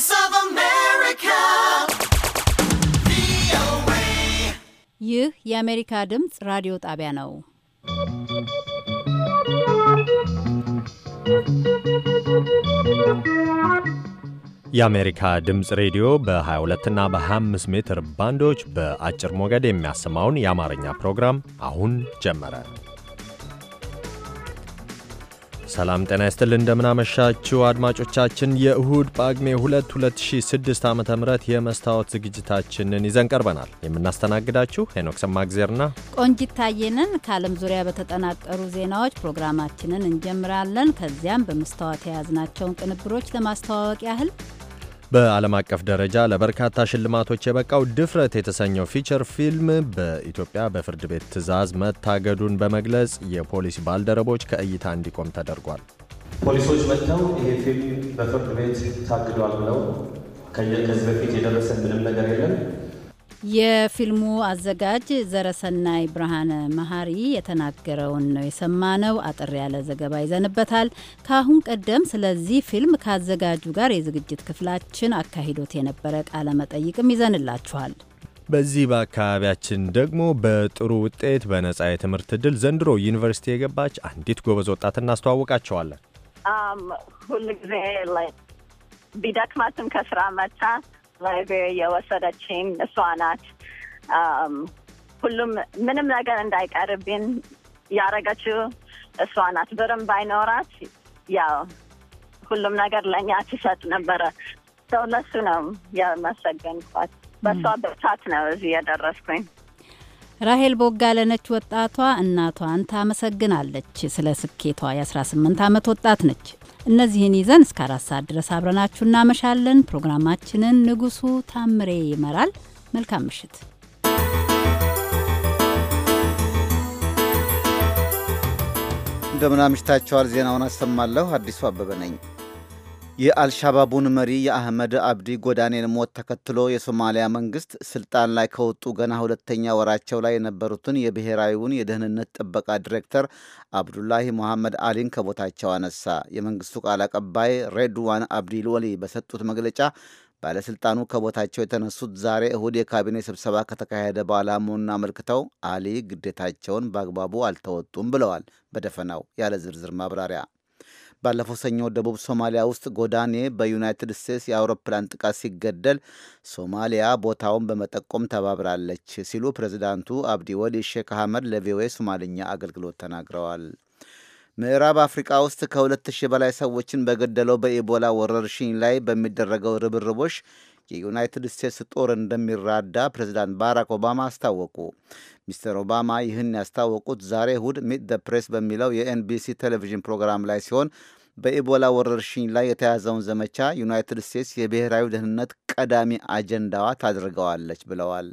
Voice of America. VOA. ይህ የአሜሪካ ድምፅ ራዲዮ ጣቢያ ነው። የአሜሪካ ድምፅ ሬዲዮ በ22 እና በ25 ሜትር ባንዶች በአጭር ሞገድ የሚያሰማውን የአማርኛ ፕሮግራም አሁን ጀመረ። ሰላም ጤና ይስትል እንደምናመሻችው አድማጮቻችን የእሁድ ጳግሜ 2 2006 ዓ ም የመስታወት ዝግጅታችንን ይዘን ቀርበናል። የምናስተናግዳችሁ ሄኖክ ሰማግዜርና ቆንጂት ታየንን ከዓለም ዙሪያ በተጠናቀሩ ዜናዎች ፕሮግራማችንን እንጀምራለን። ከዚያም በመስታወት የያዝናቸውን ቅንብሮች ለማስተዋወቅ ያህል በዓለም አቀፍ ደረጃ ለበርካታ ሽልማቶች የበቃው ድፍረት የተሰኘው ፊቸር ፊልም በኢትዮጵያ በፍርድ ቤት ትዕዛዝ መታገዱን በመግለጽ የፖሊስ ባልደረቦች ከእይታ እንዲቆም ተደርጓል። ፖሊሶች መጥተው ይሄ ፊልም በፍርድ ቤት ታግዷል ብለው ከዚህ በፊት የደረሰ ምንም ነገር የለም የፊልሙ አዘጋጅ ዘረሰናይ ብርሃነ መሀሪ የተናገረውን ነው የሰማነው። አጠር ያለ ዘገባ ይዘንበታል። ከአሁን ቀደም ስለዚህ ፊልም ከአዘጋጁ ጋር የዝግጅት ክፍላችን አካሂዶት የነበረ ቃለ መጠይቅም ይዘንላችኋል። በዚህ በአካባቢያችን ደግሞ በጥሩ ውጤት በነጻ የትምህርት እድል ዘንድሮ ዩኒቨርሲቲ የገባች አንዲት ጎበዝ ወጣት እናስተዋወቃቸዋለን። ሁልጊዜ ቢደክማትም ከስራ መታ ላይብሬሪ የወሰደችኝ እሷ ናት። ሁሉም ምንም ነገር እንዳይቀርብን ያረገችው እሷ ናት። ብርም ባይኖራት ያው ሁሉም ነገር ለእኛ ትሰጥ ነበረ። ሰው ለሱ ነው የመሰገንኳት። በእሷ ብርታት ነው እዚህ የደረስኩኝ። ራሄል ቦጋለነች ነች ወጣቷ። እናቷን ታመሰግናለች ስለ ስኬቷ። የ18 ዓመት ወጣት ነች። እነዚህን ይዘን እስከ አራት ሰዓት ድረስ አብረናችሁ እናመሻለን። ፕሮግራማችንን ንጉሱ ታምሬ ይመራል። መልካም ምሽት። እንደምናምሽታችኋል። ዜናውን አሰማለሁ። አዲሱ አበበ ነኝ። የአልሻባቡን መሪ የአህመድ አብዲ ጎዳኔን ሞት ተከትሎ የሶማሊያ መንግስት ስልጣን ላይ ከወጡ ገና ሁለተኛ ወራቸው ላይ የነበሩትን የብሔራዊውን የደህንነት ጥበቃ ዲሬክተር አብዱላሂ መሐመድ አሊን ከቦታቸው አነሳ። የመንግስቱ ቃል አቀባይ ሬድዋን አብዲል ወሊ በሰጡት መግለጫ ባለስልጣኑ ከቦታቸው የተነሱት ዛሬ እሁድ የካቢኔ ስብሰባ ከተካሄደ በኋላ መሆኑን አመልክተው አሊ ግዴታቸውን በአግባቡ አልተወጡም ብለዋል። በደፈናው ያለ ዝርዝር ማብራሪያ ባለፈው ሰኞ ደቡብ ሶማሊያ ውስጥ ጎዳኔ በዩናይትድ ስቴትስ የአውሮፕላን ጥቃት ሲገደል ሶማሊያ ቦታውን በመጠቆም ተባብራለች ሲሉ ፕሬዚዳንቱ አብዲ ወሊ ሼክ አህመድ ለቪኦኤ ሶማልኛ አገልግሎት ተናግረዋል። ምዕራብ አፍሪካ ውስጥ ከሁለት ሺህ በላይ ሰዎችን በገደለው በኢቦላ ወረርሽኝ ላይ በሚደረገው ርብርቦች የዩናይትድ ስቴትስ ጦር እንደሚራዳ ፕሬዚዳንት ባራክ ኦባማ አስታወቁ። ሚስተር ኦባማ ይህን ያስታወቁት ዛሬ እሁድ ሚት ደ ፕሬስ በሚለው የኤንቢሲ ቴሌቪዥን ፕሮግራም ላይ ሲሆን በኢቦላ ወረርሽኝ ላይ የተያዘውን ዘመቻ ዩናይትድ ስቴትስ የብሔራዊ ደህንነት ቀዳሚ አጀንዳዋ ታድርገዋለች ብለዋል።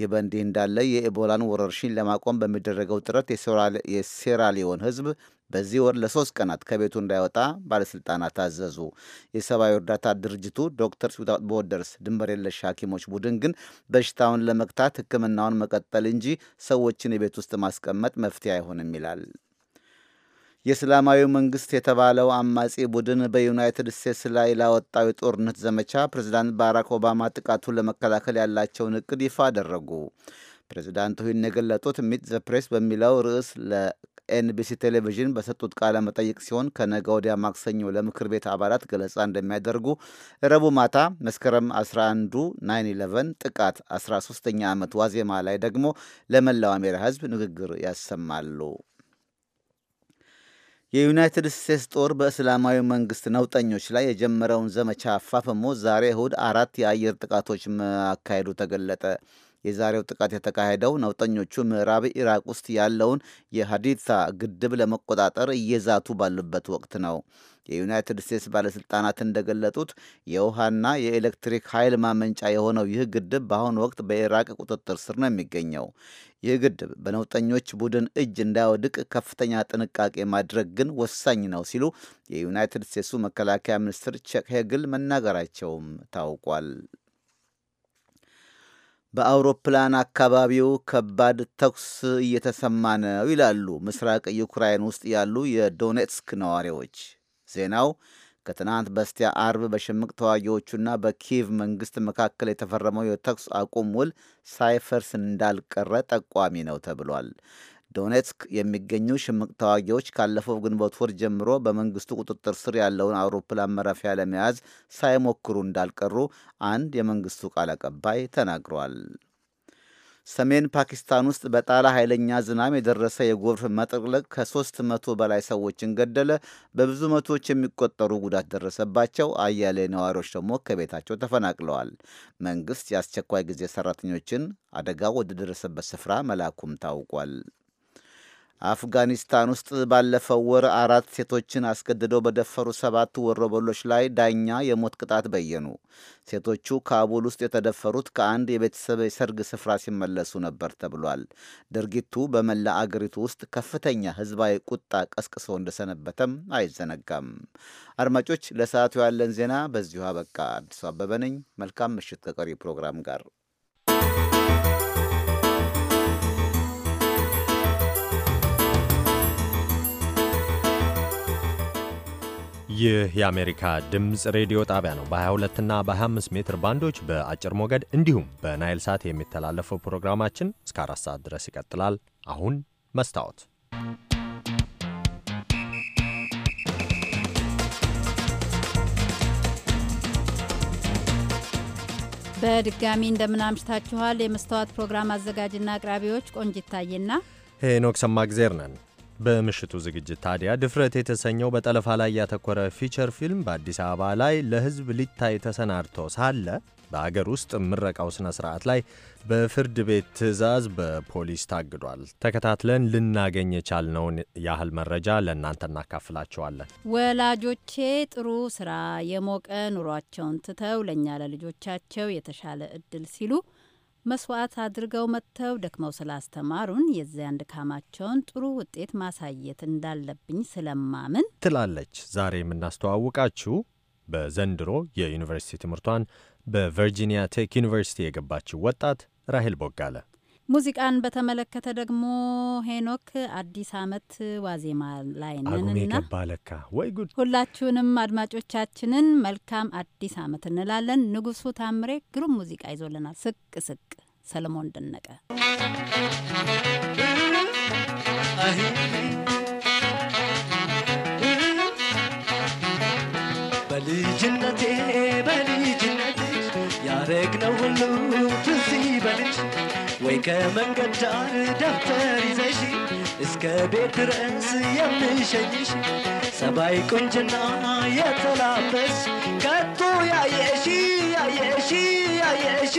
ይህ በእንዲህ እንዳለ የኢቦላን ወረርሽኝ ለማቆም በሚደረገው ጥረት የሴራሊዮን ሕዝብ በዚህ ወር ለሶስት ቀናት ከቤቱ እንዳይወጣ ባለሥልጣናት አዘዙ። የሰብአዊ እርዳታ ድርጅቱ ዶክተርስ ዊዛውት ቦርደርስ ድንበር የለሽ ሐኪሞች ቡድን ግን በሽታውን ለመግታት ሕክምናውን መቀጠል እንጂ ሰዎችን የቤት ውስጥ ማስቀመጥ መፍትሄ አይሆንም ይላል። የእስላማዊ መንግስት የተባለው አማጺ ቡድን በዩናይትድ ስቴትስ ላይ ላወጣው የጦርነት ዘመቻ ፕሬዚዳንት ባራክ ኦባማ ጥቃቱን ለመከላከል ያላቸውን እቅድ ይፋ አደረጉ። ፕሬዚዳንቱ ይህን የገለጡት ሚት ዘ ፕሬስ በሚለው ርዕስ ኤንቢሲ ቴሌቪዥን በሰጡት ቃለ መጠይቅ ሲሆን ከነገ ወዲያ ማክሰኞ ለምክር ቤት አባላት ገለጻ እንደሚያደርጉ ረቡዕ ማታ መስከረም 11 9 ጥቃት 13ኛ ዓመት ዋዜማ ላይ ደግሞ ለመላው አሜሪካ ሕዝብ ንግግር ያሰማሉ። የዩናይትድ ስቴትስ ጦር በእስላማዊ መንግስት ነውጠኞች ላይ የጀመረውን ዘመቻ አፋፍሞ ዛሬ እሁድ አራት የአየር ጥቃቶች ማካሄዱ ተገለጠ። የዛሬው ጥቃት የተካሄደው ነውጠኞቹ ምዕራብ ኢራቅ ውስጥ ያለውን የሀዲታ ግድብ ለመቆጣጠር እየዛቱ ባሉበት ወቅት ነው። የዩናይትድ ስቴትስ ባለሥልጣናት እንደገለጡት የውሃና የኤሌክትሪክ ኃይል ማመንጫ የሆነው ይህ ግድብ በአሁኑ ወቅት በኢራቅ ቁጥጥር ስር ነው የሚገኘው። ይህ ግድብ በነውጠኞች ቡድን እጅ እንዳይወድቅ ከፍተኛ ጥንቃቄ ማድረግ ግን ወሳኝ ነው ሲሉ የዩናይትድ ስቴትሱ መከላከያ ሚኒስትር ቸክ ሄግል መናገራቸውም ታውቋል። በአውሮፕላን አካባቢው ከባድ ተኩስ እየተሰማ ነው ይላሉ ምስራቅ ዩክራይን ውስጥ ያሉ የዶኔትስክ ነዋሪዎች። ዜናው ከትናንት በስቲያ አርብ በሽምቅ ተዋጊዎቹና በኪቭ መንግስት መካከል የተፈረመው የተኩስ አቁም ውል ሳይፈርስ እንዳልቀረ ጠቋሚ ነው ተብሏል። ዶኔትስክ የሚገኙ ሽምቅ ተዋጊዎች ካለፈው ግንቦት ወር ጀምሮ በመንግስቱ ቁጥጥር ስር ያለውን አውሮፕላን መረፊያ ለመያዝ ሳይሞክሩ እንዳልቀሩ አንድ የመንግስቱ ቃል አቀባይ ተናግሯል። ሰሜን ፓኪስታን ውስጥ በጣለ ኃይለኛ ዝናብ የደረሰ የጎርፍ መጥለቅለቅ ከሶስት መቶ በላይ ሰዎችን ገደለ። በብዙ መቶዎች የሚቆጠሩ ጉዳት ደረሰባቸው። አያሌ ነዋሪዎች ደግሞ ከቤታቸው ተፈናቅለዋል። መንግስት የአስቸኳይ ጊዜ ሰራተኞችን አደጋው ወደ ደረሰበት ስፍራ መላኩም ታውቋል። አፍጋኒስታን ውስጥ ባለፈው ወር አራት ሴቶችን አስገድደው በደፈሩ ሰባት ወሮበሎች ላይ ዳኛ የሞት ቅጣት በየኑ። ሴቶቹ ካቡል ውስጥ የተደፈሩት ከአንድ የቤተሰብ የሰርግ ስፍራ ሲመለሱ ነበር ተብሏል። ድርጊቱ በመላ አገሪቱ ውስጥ ከፍተኛ ሕዝባዊ ቁጣ ቀስቅሶ እንደሰነበተም አይዘነጋም። አድማጮች፣ ለሰዓቱ ያለን ዜና በዚሁ አበቃ። አዲሱ አበበ ነኝ። መልካም ምሽት ከቀሪ ፕሮግራም ጋር ይህ የአሜሪካ ድምፅ ሬዲዮ ጣቢያ ነው። በ22 ና በ25 ሜትር ባንዶች በአጭር ሞገድ እንዲሁም በናይል ሳት የሚተላለፈው ፕሮግራማችን እስከ 4 ሰዓት ድረስ ይቀጥላል። አሁን መስታወት በድጋሚ እንደምናምሽታችኋል። የመስታወት ፕሮግራም አዘጋጅና አቅራቢዎች ቆንጅ ታዬና ሄኖክ ነን። በምሽቱ ዝግጅት ታዲያ ድፍረት የተሰኘው በጠለፋ ላይ ያተኮረ ፊቸር ፊልም በአዲስ አበባ ላይ ለሕዝብ ሊታይ ተሰናድቶ ሳለ በአገር ውስጥ ምረቃው ሥነ ሥርዓት ላይ በፍርድ ቤት ትዕዛዝ በፖሊስ ታግዷል። ተከታትለን ልናገኝ የቻልነውን ያህል መረጃ ለእናንተ እናካፍላቸዋለን። ወላጆቼ ጥሩ ስራ፣ የሞቀ ኑሯቸውን ትተው ለእኛ ለልጆቻቸው የተሻለ እድል ሲሉ መስዋዕት አድርገው መጥተው ደክመው ስላስተማሩን የዚያን ድካማቸውን ጥሩ ውጤት ማሳየት እንዳለብኝ ስለማምን ትላለች። ዛሬ የምናስተዋውቃችሁ በዘንድሮ የዩኒቨርሲቲ ትምህርቷን በቨርጂኒያ ቴክ ዩኒቨርሲቲ የገባችው ወጣት ራሄል ቦጋለ ሙዚቃን በተመለከተ ደግሞ ሄኖክ አዲስ አመት ዋዜማ ላይ ነንና ወይ ጉድ! ሁላችሁንም አድማጮቻችንን መልካም አዲስ አመት እንላለን። ንጉሱ ታምሬ ግሩም ሙዚቃ ይዞልናል። ስቅ ስቅ ሰለሞን ደነቀ በልጅነቴ በልጅነቴ ያረግነው ሁሉ ወይ ከመንገድ ዳር ደብተር ይዘሽ እስከ ቤት ድረስ የምሸኝሽ ሰባይ ቁንጅና የተላበስ ከቶ ያየሺ ያየሺ ያየሺ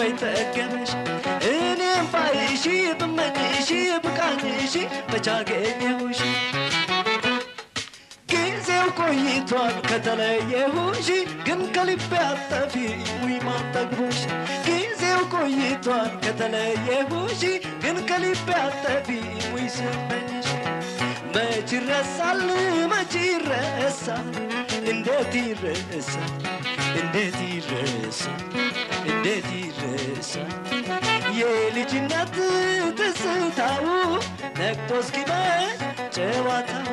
በይተገበሽ እኔም ባይሺ ብመኝሺ ብቃኝሺ በቻገኘሁሽ ጊዜው ቆይቷል ከተለየሁሽ ግን ከልቤ አጠፊ ሙይ ማጠግቦሽ ቆይቷል ከተለየሁሽ ግን ከልቤ አጠፊሙኝ ስምሽ መች ይረሳል መች ይረሳል እንዴት ይረሳል እንዴት ይረሳል እንዴት ይረሳል የልጅነት ትዝታው ነቅቶ እስኪመሽ ጨዋታው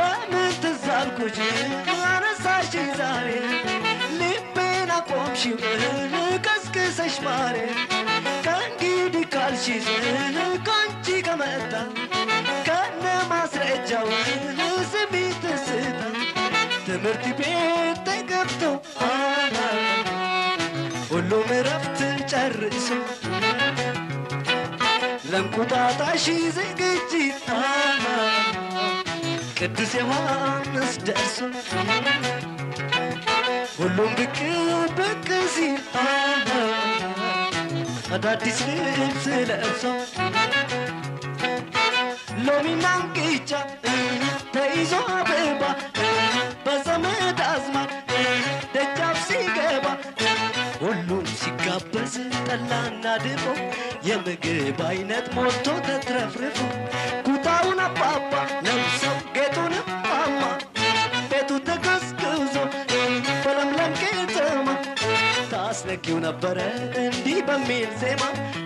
በምን ትዝ አልኩሽ ዛሬ ልቤን አቆምሽው እንቁጣጣሽ ዝግጅት ቅዱስ ዮሐንስ ደርሶ ሁሉም ብቅ ብቅ ሲል አዳዲስ ልብስ ለብሶ ሎሚና እንቅጫ ተይዞ አበባ በዘመድ አዝማድ ጠላና ድፎ የምግብ አይነት ሞልቶ ተትረፍርፎ ኩታውን አባባ ለብሰው ጌጡን ፓማ ቤቱ ተቀዝቅዞ በለምለም ቄጠማ ታስነኪው ነበረ እንዲህ በሚል ዜማ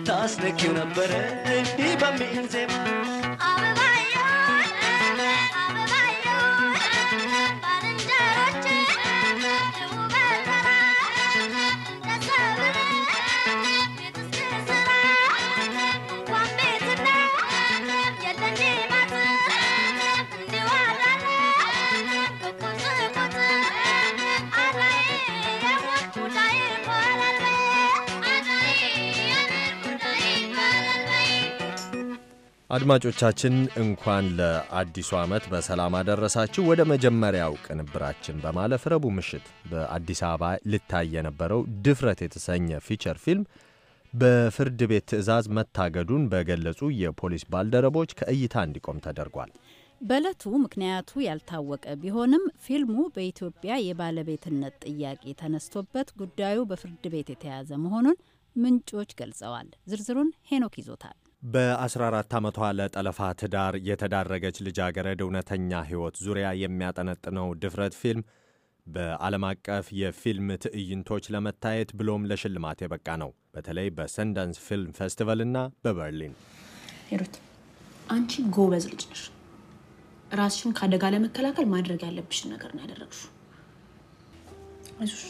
ታስነኪው ነበረ እንዲህ በሚል ዜማ አበባይ አድማጮቻችን እንኳን ለአዲሱ ዓመት በሰላም አደረሳችሁ። ወደ መጀመሪያው ቅንብራችን በማለፍ ረቡዕ ምሽት በአዲስ አበባ ልታይ የነበረው ድፍረት የተሰኘ ፊቸር ፊልም በፍርድ ቤት ትዕዛዝ መታገዱን በገለጹ የፖሊስ ባልደረቦች ከእይታ እንዲቆም ተደርጓል። በእለቱ ምክንያቱ ያልታወቀ ቢሆንም ፊልሙ በኢትዮጵያ የባለቤትነት ጥያቄ ተነስቶበት ጉዳዩ በፍርድ ቤት የተያዘ መሆኑን ምንጮች ገልጸዋል። ዝርዝሩን ሄኖክ ይዞታል። በ14 ዓመቷ ለጠለፋ ትዳር የተዳረገች ልጃገረድ እውነተኛ ሕይወት ዙሪያ የሚያጠነጥነው ድፍረት ፊልም በዓለም አቀፍ የፊልም ትዕይንቶች ለመታየት ብሎም ለሽልማት የበቃ ነው። በተለይ በሰንደንስ ፊልም ፌስቲቫል እና በበርሊን። ሄሮት አንቺ ጎበዝ ልጅ ነሽ። ራስሽን ከአደጋ ለመከላከል ማድረግ ያለብሽን ነገር ነው ያደረግሽው። አይዞሽ፣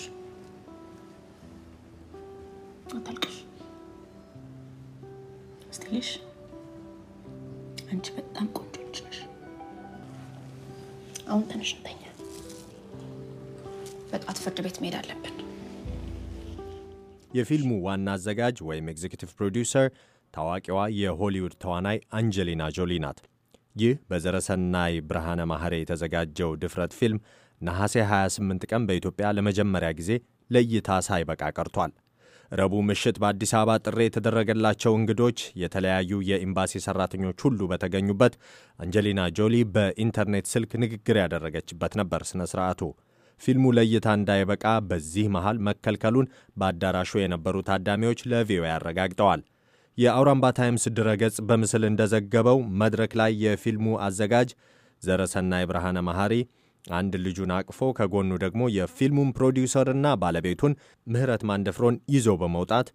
ልጅ አንቺ በጣም ቆንጆ ልጅ ነሽ። አሁን ተነሽ እንተኛ። በጧት ፍርድ ቤት መሄድ አለብን። የፊልሙ ዋና አዘጋጅ ወይም ኤግዚኪቲቭ ፕሮዲውሰር ታዋቂዋ የሆሊውድ ተዋናይ አንጀሊና ጆሊ ናት። ይህ በዘረሰናይ ብርሃነ ማህሬ የተዘጋጀው ድፍረት ፊልም ነሐሴ 28 ቀን በኢትዮጵያ ለመጀመሪያ ጊዜ ለእይታ ሳይበቃ ቀርቷል። ረቡዕ ምሽት በአዲስ አበባ ጥሪ የተደረገላቸው እንግዶች የተለያዩ የኤምባሲ ሰራተኞች ሁሉ በተገኙበት አንጀሊና ጆሊ በኢንተርኔት ስልክ ንግግር ያደረገችበት ነበር ስነ ስርዓቱ። ፊልሙ ለእይታ እንዳይበቃ በዚህ መሃል መከልከሉን በአዳራሹ የነበሩ ታዳሚዎች ለቪኦኤ አረጋግጠዋል። የአውራምባ ታይምስ ድረገጽ በምስል እንደዘገበው መድረክ ላይ የፊልሙ አዘጋጅ ዘረሰናይ ብርሃነ መሐሪ አንድ ልጁን አቅፎ ከጎኑ ደግሞ የፊልሙን ፕሮዲውሰርና ባለቤቱን ምህረት ማንደፍሮን ይዞ በመውጣት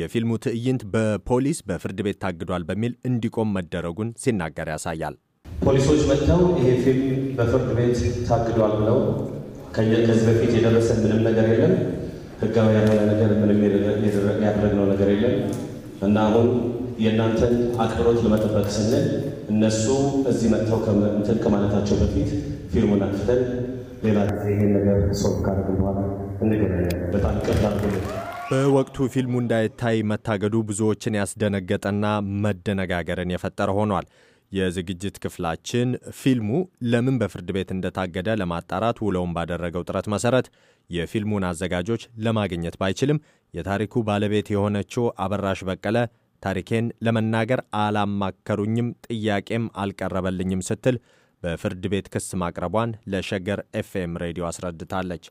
የፊልሙ ትዕይንት በፖሊስ በፍርድ ቤት ታግዷል በሚል እንዲቆም መደረጉን ሲናገር ያሳያል። ፖሊሶች መጥተው ይሄ ፊልም በፍርድ ቤት ታግዷል ብለው ከዚህ በፊት የደረሰ ምንም ነገር የለም፣ ህጋዊ ያልሆነ ነገር ምንም ያደረግነው ነገር የለም እና አሁን የእናንተን አክብሮት ለመጠበቅ ስንል እነሱ እዚህ መጥተው ከማለታቸው በፊት ፊልሙን ሌላ ጊዜ ይህን ነገር ሶልቭ ካደረግን በኋላ እንገናኛለን። በጣም ቅርብ አድርጎ በወቅቱ ፊልሙ እንዳይታይ መታገዱ ብዙዎችን ያስደነገጠና መደነጋገርን የፈጠረ ሆኗል። የዝግጅት ክፍላችን ፊልሙ ለምን በፍርድ ቤት እንደታገደ ለማጣራት ውለውን ባደረገው ጥረት መሰረት የፊልሙን አዘጋጆች ለማግኘት ባይችልም የታሪኩ ባለቤት የሆነችው አበራሽ በቀለ ታሪኬን ለመናገር አላማከሩኝም፣ ጥያቄም አልቀረበልኝም ስትል በፍርድ ቤት ክስ ማቅረቧን ለሸገር ኤፍኤም ሬዲዮ አስረድታለች።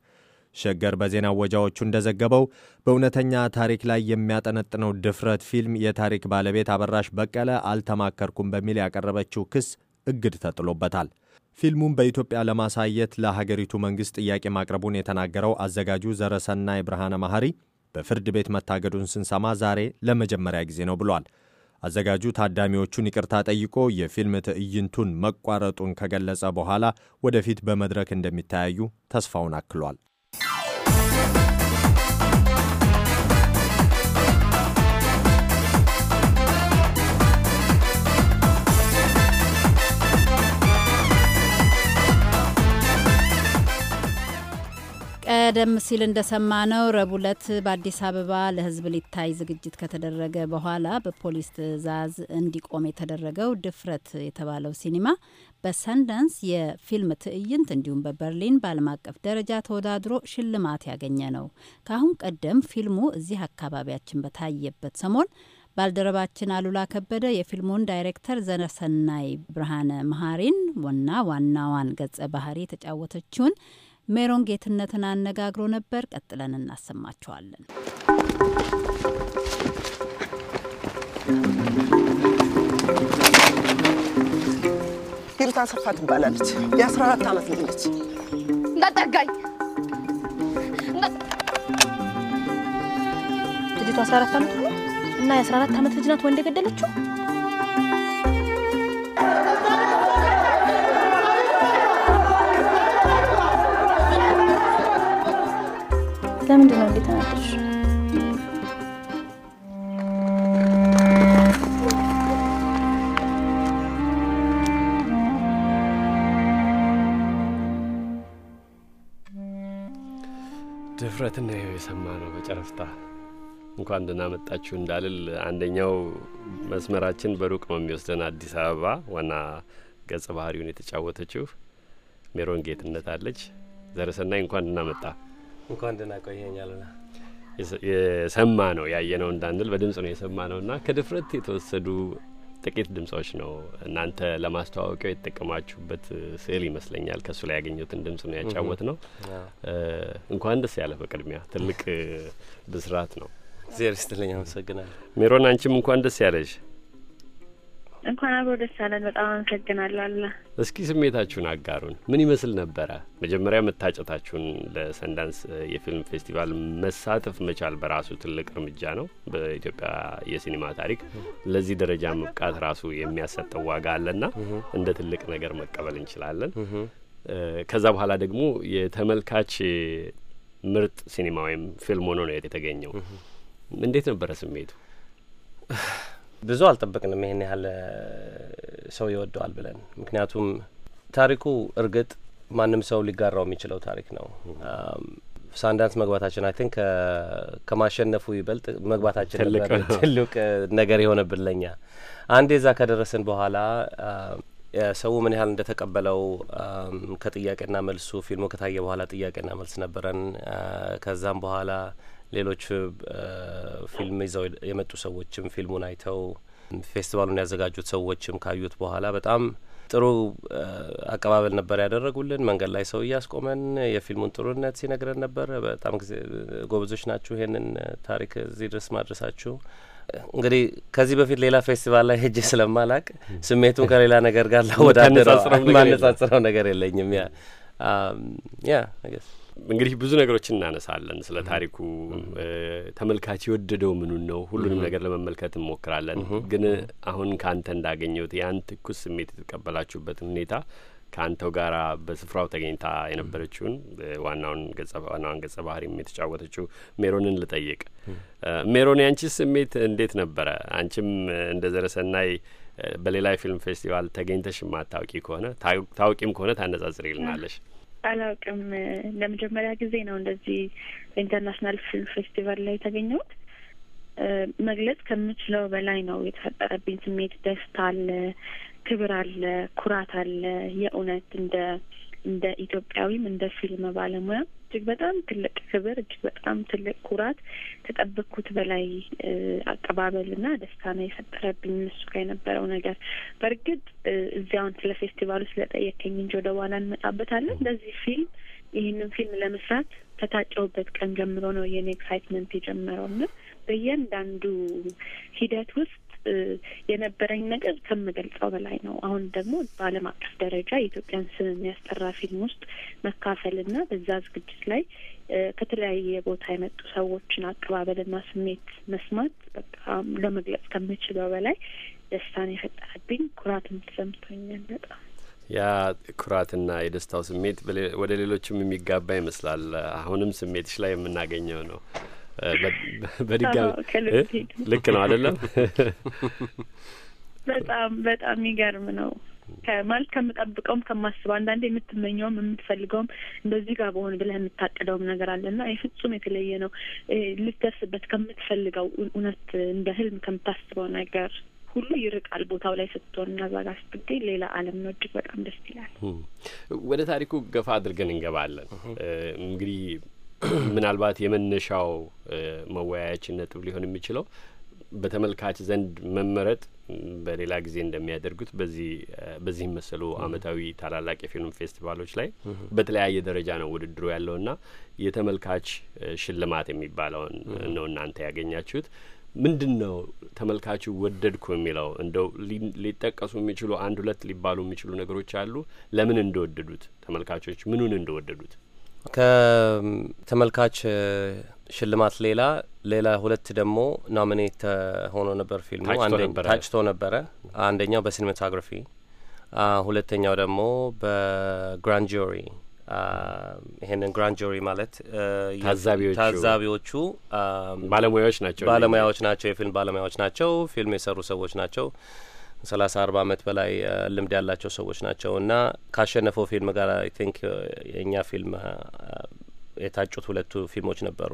ሸገር በዜና ወጃዎቹ እንደዘገበው በእውነተኛ ታሪክ ላይ የሚያጠነጥነው ድፍረት ፊልም የታሪክ ባለቤት አበራሽ በቀለ አልተማከርኩም በሚል ያቀረበችው ክስ እግድ ተጥሎበታል። ፊልሙን በኢትዮጵያ ለማሳየት ለሀገሪቱ መንግሥት ጥያቄ ማቅረቡን የተናገረው አዘጋጁ ዘረሰናይ ብርሃነ መሐሪ በፍርድ ቤት መታገዱን ስንሰማ ዛሬ ለመጀመሪያ ጊዜ ነው ብሏል። አዘጋጁ ታዳሚዎቹን ይቅርታ ጠይቆ የፊልም ትዕይንቱን መቋረጡን ከገለጸ በኋላ ወደፊት በመድረክ እንደሚተያዩ ተስፋውን አክሏል። ቀደም ሲል እንደሰማነው ረቡዕ ዕለት በአዲስ አበባ ለሕዝብ ሊታይ ዝግጅት ከተደረገ በኋላ በፖሊስ ትዕዛዝ እንዲቆም የተደረገው ድፍረት የተባለው ሲኒማ በሰንደንስ የፊልም ትዕይንት እንዲሁም በበርሊን በዓለም አቀፍ ደረጃ ተወዳድሮ ሽልማት ያገኘ ነው። ከአሁን ቀደም ፊልሙ እዚህ አካባቢያችን በታየበት ሰሞን ባልደረባችን አሉላ ከበደ የፊልሙን ዳይሬክተር ዘነሰናይ ብርሃነ መሀሪን ወና ዋናዋን ገጸ ባህሪ የተጫወተችውን ሜሮን ጌትነትን አነጋግሮ ነበር። ቀጥለን እናሰማቸዋለን። ሂሩት አሰፋ ትባላለች። የ14 ዓመት ልጅ ነች። እንዳጠጋኝ ልጅቷ 14 ዓመት እና የ14 ዓመት ልጅ ናት ወንድ የገደለችው ለምንድን ነው እንደተናደድሽ? ድፍረት ነው የሰማ ነው በጨረፍታ እንኳን ደህና መጣችሁ እንዳልል አንደኛው መስመራችን በሩቅ ነው የሚወስደን አዲስ አበባ ዋና ገጸ ባህሪውን የተጫወተችው ሜሮን ጌትነት አለች ዘረሰናይ እንኳን እናመጣ መጣ እንኳን ደህና ቆየኛልና የሰማ ነው ያየ ነው እንዳንል በድምጽ ነው የሰማ ነው እና ከድፍረት የተወሰዱ ጥቂት ድምጾች ነው እናንተ ለማስተዋወቂያው የተጠቀማችሁበት ስዕል ይመስለኛል። ከእሱ ላይ ያገኘትን ድምጽ ነው ያጫወት ነው። እንኳን ደስ ያለ በቅድሚያ ትልቅ ብስራት ነው። እግዚአብሔር ይስጥልኝ። አመሰግናለሁ ሜሮን። አንቺም እንኳን ደስ ያለሽ። እንኳን አብሮ ደስ አለን። በጣም አመሰግናለሁ እስኪ ስሜታችሁን አጋሩን። ምን ይመስል ነበረ መጀመሪያ መታጨታችሁን? ለሰንዳንስ የፊልም ፌስቲቫል መሳተፍ መቻል በራሱ ትልቅ እርምጃ ነው። በኢትዮጵያ የሲኒማ ታሪክ ለዚህ ደረጃ መብቃት ራሱ የሚያሰጠው ዋጋ አለና እንደ ትልቅ ነገር መቀበል እንችላለን። ከዛ በኋላ ደግሞ የተመልካች ምርጥ ሲኒማ ወይም ፊልም ሆኖ ነው የተገኘው። እንዴት ነበረ ስሜቱ? ብዙ አልጠበቅንም ይሄን ያህል ሰው ይወደዋል ብለን። ምክንያቱም ታሪኩ እርግጥ ማንም ሰው ሊጋራው የሚችለው ታሪክ ነው። ሳንዳንስ መግባታችን አይ ቲንክ ከማሸነፉ ይበልጥ መግባታችን ነበር ትልቅ ነገር የሆነብን ለኛ። አንዴ የዛ ከደረስን በኋላ ሰው ምን ያህል እንደ ተቀበለው ከጥያቄና መልሱ ፊልሙ ከታየ በኋላ ጥያቄና መልስ ነበረን። ከዛም በኋላ ሌሎች ፊልም ይዘው የመጡ ሰዎችም ፊልሙን አይተው ፌስቲቫሉን ያዘጋጁት ሰዎችም ካዩት በኋላ በጣም ጥሩ አቀባበል ነበር ያደረጉልን። መንገድ ላይ ሰው እያስቆመን የፊልሙን ጥሩነት ሲነግረን ነበር። በጣም ጎበዞች ናችሁ፣ ይሄንን ታሪክ እዚህ ድረስ ማድረሳችሁ። እንግዲህ ከዚህ በፊት ሌላ ፌስቲቫል ላይ ሄጄ ስለማላቅ ስሜቱን ከሌላ ነገር ጋር ላወዳደረው ማነጻጽረው ነገር የለኝም ያ ያ እንግዲህ ብዙ ነገሮችን እናነሳለን ስለ ታሪኩ። ተመልካች የወደደው ምኑን ነው? ሁሉንም ነገር ለመመልከት እንሞክራለን። ግን አሁን ከአንተ እንዳገኘሁት ያን ትኩስ ስሜት የተቀበላችሁበትን ሁኔታ ከአንተው ጋር በስፍራው ተገኝታ የነበረችውን ዋናውን ገጸ ዋናዋን ገጸ ባህሪም የተጫወተችው ሜሮንን ልጠይቅ። ሜሮን ያንቺ ስሜት እንዴት ነበረ? አንቺም እንደ ዘረሰናይ በሌላ የፊልም ፌስቲቫል ተገኝተሽ ማታውቂ ከሆነ ታውቂም ከሆነ ታነጻጽር ይልናለሽ። አላውቅም። ለመጀመሪያ ጊዜ ነው እንደዚህ በኢንተርናሽናል ፊልም ፌስቲቫል ላይ የተገኘሁት። መግለጽ ከምችለው በላይ ነው የተፈጠረብኝ ስሜት። ደስታ አለ፣ ክብር አለ፣ ኩራት አለ። የእውነት እንደ እንደ ኢትዮጵያዊም እንደ ፊልም ባለሙያም እጅግ በጣም ትልቅ ክብር፣ እጅግ በጣም ትልቅ ኩራት፣ ከጠበቅኩት በላይ አቀባበልና ደስታ ነው የፈጠረብኝ እነሱ ጋር የነበረው ነገር። በእርግጥ እዚያውን ስለ ፌስቲቫሉ ስለጠየቀኝ እንጂ ወደ በኋላ እንመጣበታለን። በዚህ ፊልም ይህንን ፊልም ለመስራት ከታጨሁበት ቀን ጀምሮ ነው የኔ ኤክሳይትመንት የጀመረው እና በእያንዳንዱ ሂደት ውስጥ የነበረኝ ነገር ከምገልጸው በላይ ነው። አሁን ደግሞ በዓለም አቀፍ ደረጃ የኢትዮጵያን ስም የሚያስጠራ ፊልም ውስጥ መካፈልና በዛ ዝግጅት ላይ ከተለያየ ቦታ የመጡ ሰዎችን አቀባበልና ስሜት መስማት በጣም ለመግለጽ ከምችለው በላይ ደስታን የፈጠረብኝ ኩራትም ተሰምቶኛል በጣም ያ ኩራትና የደስታው ስሜት ወደ ሌሎችም የሚጋባ ይመስላል። አሁንም ስሜትሽ ላይ የምናገኘው ነው። በድጋሚ ልክ ነው አይደለም? በጣም በጣም የሚገርም ነው። ማለት ከምጠብቀውም ከማስበው አንዳንዴ የምትመኘውም የምትፈልገውም እንደዚህ ጋር በሆን ብለህ የምታቅደውም ነገር አለና የፍጹም የተለየ ነው። ልትደርስበት ከምትፈልገው እውነት እንደ ህልም ከምታስበው ነገር ሁሉ ይርቃል። ቦታው ላይ ስትሆን እና እዛ ጋር ስትገኝ ሌላ ዓለም ነው። እጅግ በጣም ደስ ይላል። ወደ ታሪኩ ገፋ አድርገን እንገባለን። እንግዲህ ምናልባት የመነሻው መወያያችን ነጥብ ሊሆን የሚችለው በተመልካች ዘንድ መመረጥ በሌላ ጊዜ እንደሚያደርጉት በዚህ በዚህም መሰሉ አመታዊ ታላላቅ የፊልም ፌስቲቫሎች ላይ በተለያየ ደረጃ ነው ውድድሩ ያለውና የተመልካች ሽልማት የሚባለውን ነው እናንተ ያገኛችሁት። ምንድን ነው ተመልካቹ ወደድኩ የሚለው? እንደው ሊጠቀሱ የሚችሉ አንድ ሁለት ሊባሉ የሚችሉ ነገሮች አሉ። ለምን እንደወደዱት ተመልካቾች ምኑን እንደወደዱት ከተመልካች ሽልማት ሌላ ሌላ ሁለት ደግሞ ናሚኔት ሆኖ ነበር ፊልሙ ታጭቶ ነበረ። አንደኛው በሲኒማቶግራፊ ሁለተኛው ደግሞ በግራንድ ጆሪ። ይሄንን ግራንድ ጆሪ ማለት ታዛቢዎቹ ባለሙያዎች ናቸው። ባለሙያዎች ናቸው። የፊልም ባለሙያዎች ናቸው። ፊልም የሰሩ ሰዎች ናቸው። ሰላሳ አርባ አመት በላይ ልምድ ያላቸው ሰዎች ናቸው እና ካሸነፈው ፊልም ጋር አይ ቲንክ የእኛ ፊልም የታጩት ሁለቱ ፊልሞች ነበሩ።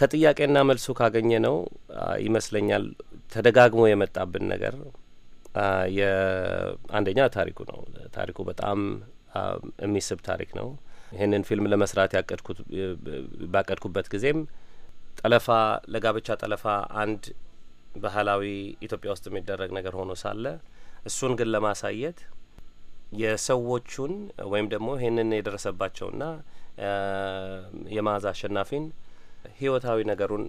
ከጥያቄና መልሱ ካገኘ ነው ይመስለኛል ተደጋግሞ የመጣብን ነገር የአንደኛ ታሪኩ ነው። ታሪኩ በጣም የሚስብ ታሪክ ነው። ይህንን ፊልም ለመስራት ያቀድኩት ባቀድኩበት ጊዜም ጠለፋ ለጋብቻ ጠለፋ አንድ ባህላዊ ኢትዮጵያ ውስጥ የሚደረግ ነገር ሆኖ ሳለ እሱን ግን ለማሳየት የሰዎቹን ወይም ደግሞ ይህንን የደረሰባቸውና የማዛ አሸናፊን ህይወታዊ ነገሩን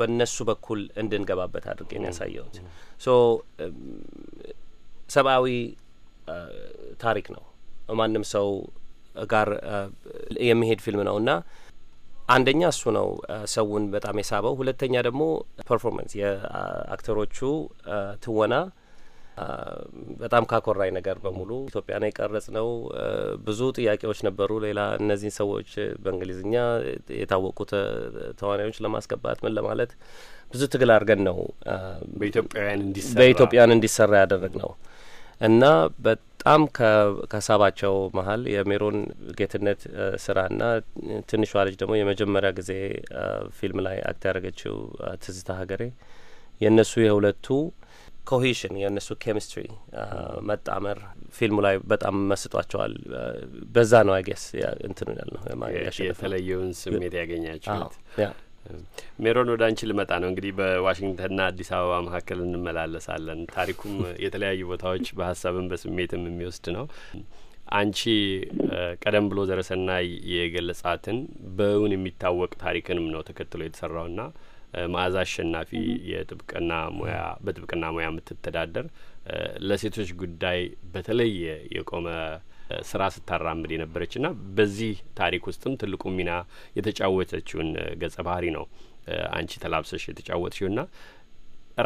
በእነሱ በኩል እንድንገባበት አድርጌ ነው ያሳየሁት። ሶ ሰብአዊ ታሪክ ነው። ማንም ሰው ጋር የሚሄድ ፊልም ነው እና። አንደኛ እሱ ነው ሰውን በጣም የሳበው። ሁለተኛ ደግሞ ፐርፎርመንስ የአክተሮቹ ትወና በጣም ካኮራኝ ነገር በሙሉ ኢትዮጵያ ነው የቀረጽ ነው። ብዙ ጥያቄዎች ነበሩ። ሌላ እነዚህን ሰዎች በእንግሊዝኛ የታወቁ ተዋናዮች ለማስገባት ምን ለማለት ብዙ ትግል አድርገን ነው በኢትዮጵያውያን እንዲሰራ ያደረግ ነው እና በጣም ከሳባቸው መሀል የሜሮን ጌትነት ስራና ትንሿ ልጅ ደግሞ የመጀመሪያ ጊዜ ፊልም ላይ አክት ያደረገችው ትዝታ ሀገሬ የእነሱ የሁለቱ ኮሂሽን የእነሱ ኬሚስትሪ መጣመር ፊልሙ ላይ በጣም መስጧቸዋል። በዛ ነው አይጌስ እንትኑ ያል ነው የተለየውን ስሜት ያገኛችሁት። ሜሮን ወደ አንቺ ልመጣ ነው። እንግዲህ በዋሽንግተንና አዲስ አበባ መካከል እንመላለሳለን። ታሪኩም የተለያዩ ቦታዎች በሀሳብም በስሜትም የሚወስድ ነው። አንቺ ቀደም ብሎ ዘረሰናይ የገለጻትን በእውን የሚታወቅ ታሪክንም ነው ተከትሎ የተሰራውና መዓዛ አሸናፊ hm የጥብቅና ሙያ በጥብቅና ሙያ የምትተዳደር ለሴቶች ጉዳይ በተለየ የቆመ ስራ ስታራምድ ና በዚህ ታሪክ ውስጥም ትልቁ ሚና የተጫወተችውን ገጸ ባህሪ ነው አንቺ ተላብሰሽ ና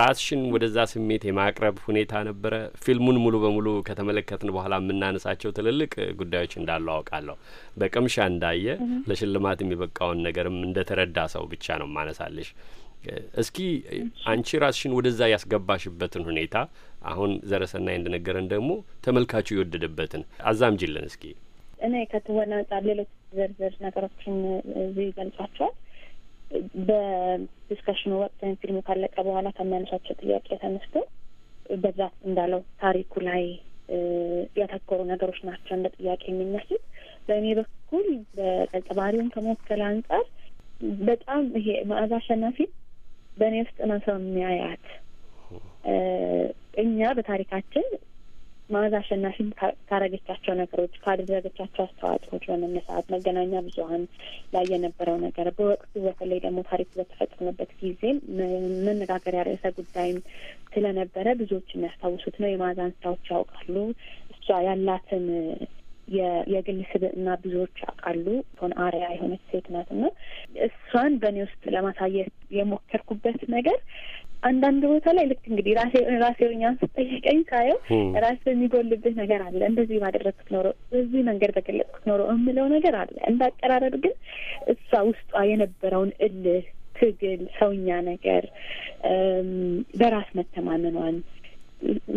ራስሽን ወደዛ ስሜት የማቅረብ ሁኔታ ነበረ። ፊልሙን ሙሉ በሙሉ ከተመለከትን በኋላ የምናነሳቸው ትልልቅ ጉዳዮች እንዳሉ አውቃለሁ። በቅምሻ እንዳየ ለሽልማት የሚበቃውን ነገርም እንደተረዳ ሰው ብቻ ነው ማነሳለሽ። እስኪ አንቺ ራስሽን ወደዛ ያስገባሽበትን ሁኔታ አሁን ዘረሰናይ እንደነገረን ደግሞ ተመልካቹ የወደደበትን አዛምጅልን እስኪ። እኔ ከትወና አንጻር ሌሎች ዝርዝር ነገሮችን እዚህ ይገልጿቸዋል። በዲስካሽኑ ወቅት ወይም ፊልሙ ካለቀ በኋላ ከሚያነሳቸው ጥያቄ ተነስቶ በዛ እንዳለው ታሪኩ ላይ ያተኮሩ ነገሮች ናቸው እንደ ጥያቄ የሚነሱት። በእኔ በኩል በቀጸባሪውን ከመወከል አንጻር በጣም ይሄ መዓዛ አሸናፊ በእኔ ውስጥ ነው ሰው የሚያያት። እኛ በታሪካችን መዓዛ አሸናፊ ካረገቻቸው ነገሮች፣ ካደረገቻቸው አስተዋጽኦች በመነሳት መገናኛ ብዙኃን ላይ የነበረው ነገር በወቅቱ በተለይ ደግሞ ታሪኩ በተፈጸመበት ጊዜ መነጋገሪያ ርዕሰ ጉዳይም ስለነበረ ብዙዎች የሚያስታውሱት ነው። የመዓዛን ስራዎች ያውቃሉ። እሷ ያላትን የግል ስብዕና ብዙዎች አውቃሉ። ሆን አሪያ የሆነች ሴት ናት እና እሷን በእኔ ውስጥ ለማሳየት የሞከርኩበት ነገር አንዳንድ ቦታ ላይ ልክ እንግዲህ ራሴ ራሴውኛን ስጠይቀኝ ሳየው ራሴ የሚጎልብህ ነገር አለ፣ እንደዚህ ባደረግኩት ኖሮ፣ በዚህ መንገድ በገለጽኩት ኖሮ የምለው ነገር አለ። እንዳቀራረብ ግን እሷ ውስጧ የነበረውን እልህ፣ ትግል፣ ሰውኛ ነገር፣ በራስ መተማመኗን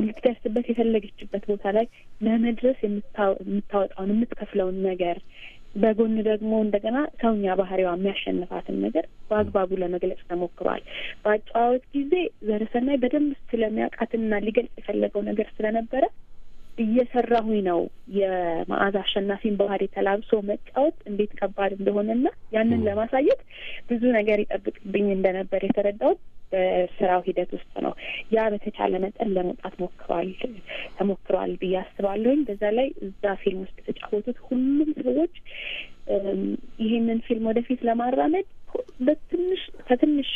ልትደርስበት የፈለገችበት ቦታ ላይ ለመድረስ የምታወጣውን የምትከፍለውን ነገር በጎን ደግሞ እንደገና ሰውኛ ባህሪዋ የሚያሸንፋትን ነገር በአግባቡ ለመግለጽ ተሞክሯል። በአጨዋወት ጊዜ ዘረሰናይ በደንብ ስለሚያውቃትና ሊገልጽ የፈለገው ነገር ስለነበረ እየሰራሁኝ ነው የመዓዝ አሸናፊን ባህሪ ተላብሶ መጫወት እንዴት ከባድ እንደሆነና ያንን ለማሳየት ብዙ ነገር ይጠብቅብኝ እንደነበር የተረዳሁት በስራው ሂደት ውስጥ ነው። ያ በተቻለ መጠን ለመውጣት ሞክሯል ተሞክሯል ብዬ አስባለሁኝ። በዛ ላይ እዛ ፊልም ውስጥ የተጫወቱት ሁሉም ሰዎች ይህንን ፊልም ወደፊት ለማራመድ በትንሽ ከትንሽ